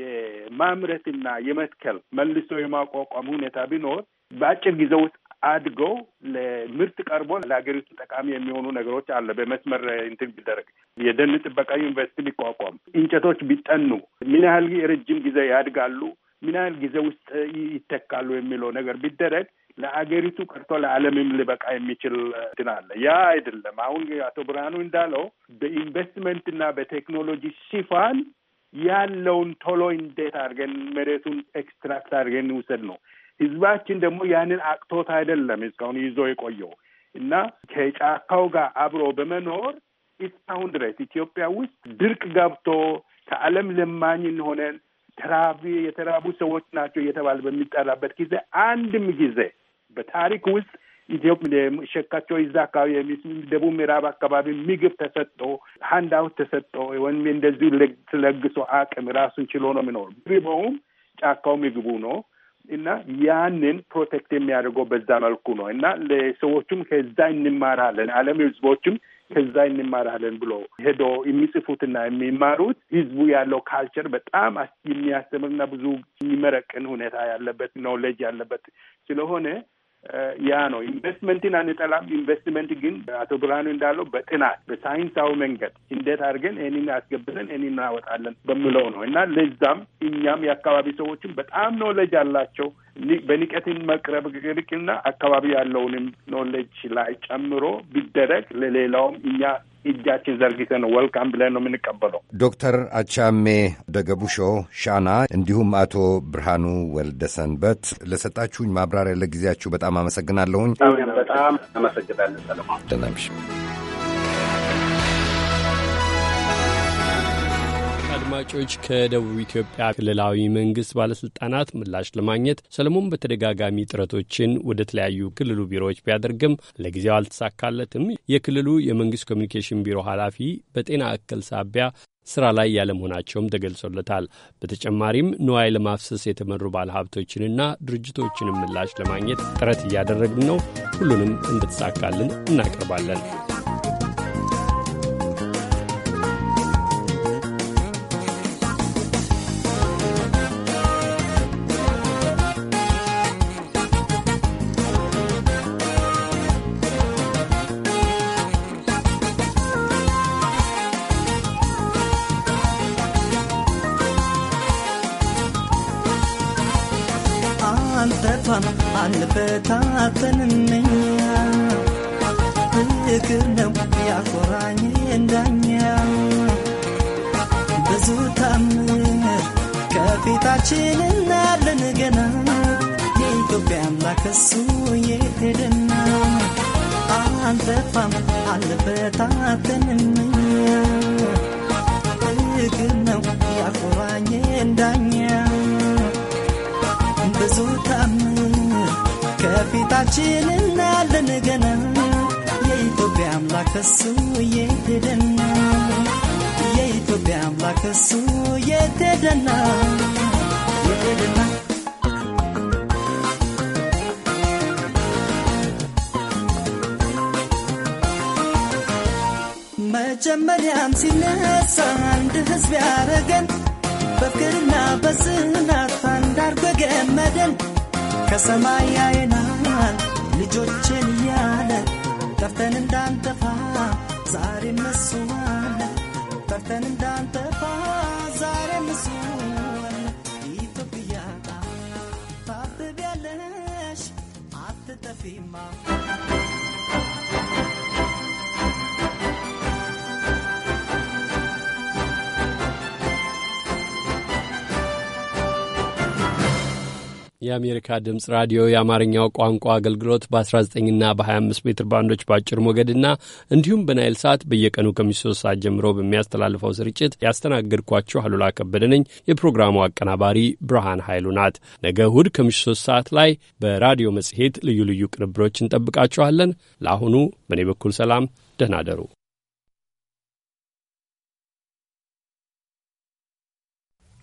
የማምረትና የመትከል መልሶ የማቋቋም ሁኔታ ቢኖር በአጭር ጊዜ ውስጥ አድገው ለምርት ቀርቦ ለሀገሪቱ ጠቃሚ የሚሆኑ ነገሮች አለ። በመስመር እንትን ቢደረግ የደን ጥበቃ ዩኒቨርሲቲ ቢቋቋም፣ እንጨቶች ቢጠኑ ምን ያህል ረጅም ጊዜ ያድጋሉ፣ ምን ያህል ጊዜ ውስጥ ይተካሉ የሚለው ነገር ቢደረግ ለአገሪቱ ቀርቶ ለዓለምም ሊበቃ የሚችል እንትን አለ። ያ አይደለም። አሁን አቶ ብርሃኑ እንዳለው በኢንቨስትመንትና በቴክኖሎጂ ሽፋን ያለውን ቶሎ እንዴት አድርገን መሬቱን ኤክስትራክት አድርገን እንውሰድ ነው። ህዝባችን ደግሞ ያንን አቅቶት አይደለም እስካሁን ይዞ የቆየው እና ከጫካው ጋር አብሮ በመኖር እስካሁን ድረስ ኢትዮጵያ ውስጥ ድርቅ ገብቶ ከዓለም ለማኝ ሆነን ተራቢ የተራቡ ሰዎች ናቸው እየተባለ በሚጠራበት ጊዜ አንድም ጊዜ በታሪክ ውስጥ ኢትዮጵያ ሸካቸው እዛ አካባቢ ደቡብ ምዕራብ አካባቢ ምግብ ተሰጥቶ ሀንዳውት ተሰጦ ወይም እንደዚሁ ለግሶ አቅም ራሱን ችሎ ነው የሚኖሩ ግበውም ጫካው ምግቡ ነው እና ያንን ፕሮቴክት የሚያደርገው በዛ መልኩ ነው እና ለሰዎቹም ከዛ እንማራለን አለም ህዝቦችም ከዛ እንማራለን ብሎ ሄዶ የሚጽፉትና የሚማሩት ህዝቡ ያለው ካልቸር በጣም የሚያስተምርና ብዙ የሚመረቅን ሁኔታ ያለበት ኖሌጅ ያለበት ስለሆነ ያ ነው። ኢንቨስትመንትን አንጠላም። ኢንቨስትመንት ግን አቶ ብርሃኑ እንዳለው በጥናት በሳይንሳዊ መንገድ እንዴት አድርገን ይህንን አስገብተን ይህን እናወጣለን በምለው ነው እና ለዛም እኛም የአካባቢ ሰዎችም በጣም ኖለጅ አላቸው በንቀትን መቅረብ ግርቅና አካባቢ ያለውንም ኖሌጅ ላይ ጨምሮ ቢደረግ ለሌላውም እኛ እጃችን ነው ወልካም ብለን ነው የምንቀበለው። ዶክተር አቻሜ ደገቡሾ ሻና እንዲሁም አቶ ብርሃኑ ወልደ ሰንበት ለሰጣችሁኝ ማብራሪያ ለጊዜያችሁ በጣም አመሰግናለሁኝ። በጣም አመሰግናለን ሰለሞን። አድማጮች ከደቡብ ኢትዮጵያ ክልላዊ መንግስት ባለስልጣናት ምላሽ ለማግኘት ሰለሞን በተደጋጋሚ ጥረቶችን ወደ ተለያዩ ክልሉ ቢሮዎች ቢያደርግም ለጊዜው አልተሳካለትም። የክልሉ የመንግስት ኮሚኒኬሽን ቢሮ ኃላፊ በጤና እክል ሳቢያ ስራ ላይ ያለመሆናቸውም ተገልጾለታል። በተጨማሪም ንዋይ ለማፍሰስ የተመሩ ባለሀብቶችንና ድርጅቶችንም ምላሽ ለማግኘት ጥረት እያደረግን ነው። ሁሉንም እንደተሳካልን እናቀርባለን። አልፈታተንምኛ ፍቅር ነው ያኮራኝ እንዳኛ ከፊታችን እናለን ገና የኢትዮጵያ አምላክ እሱ የት ሄደና ነው ያኮራኝ እንዳኛ ብዙ ታምር ከፊታችን እናያለን ገና የኢትዮጵያ አምላክ እሱ የት የኢትዮጵያ አምላክ እሱ የት ሄደና መጀመሪያም ሲነሳ አንድ ህዝብ ያረገን በፍቅርና በስናት አንድ አርጎ ገመደን ከሰማይ አይና ልጆችን እያለ ጠፍተን እንዳንጠፋ ዛሬ እሱ አለ ጠፍተን እንዳንጠፋ ዛሬም እሱ አለ ኢትዮጵያ ታብቢያለሽ አትጠፊማ የአሜሪካ ድምፅ ራዲዮ የአማርኛው ቋንቋ አገልግሎት በ19 ና በ25 ሜትር ባንዶች በአጭር ሞገድና እንዲሁም በናይል ሰዓት በየቀኑ ከምሽቱ ሶስት ሰዓት ጀምሮ በሚያስተላልፈው ስርጭት ያስተናገድኳችሁ አሉላ ከበደ ነኝ። የፕሮግራሙ አቀናባሪ ብርሃን ኃይሉ ናት። ነገ እሁድ ከምሽቱ ሶስት ሰዓት ላይ በራዲዮ መጽሔት ልዩ ልዩ ቅንብሮች እንጠብቃችኋለን። ለአሁኑ በእኔ በኩል ሰላም፣ ደህና ደሩ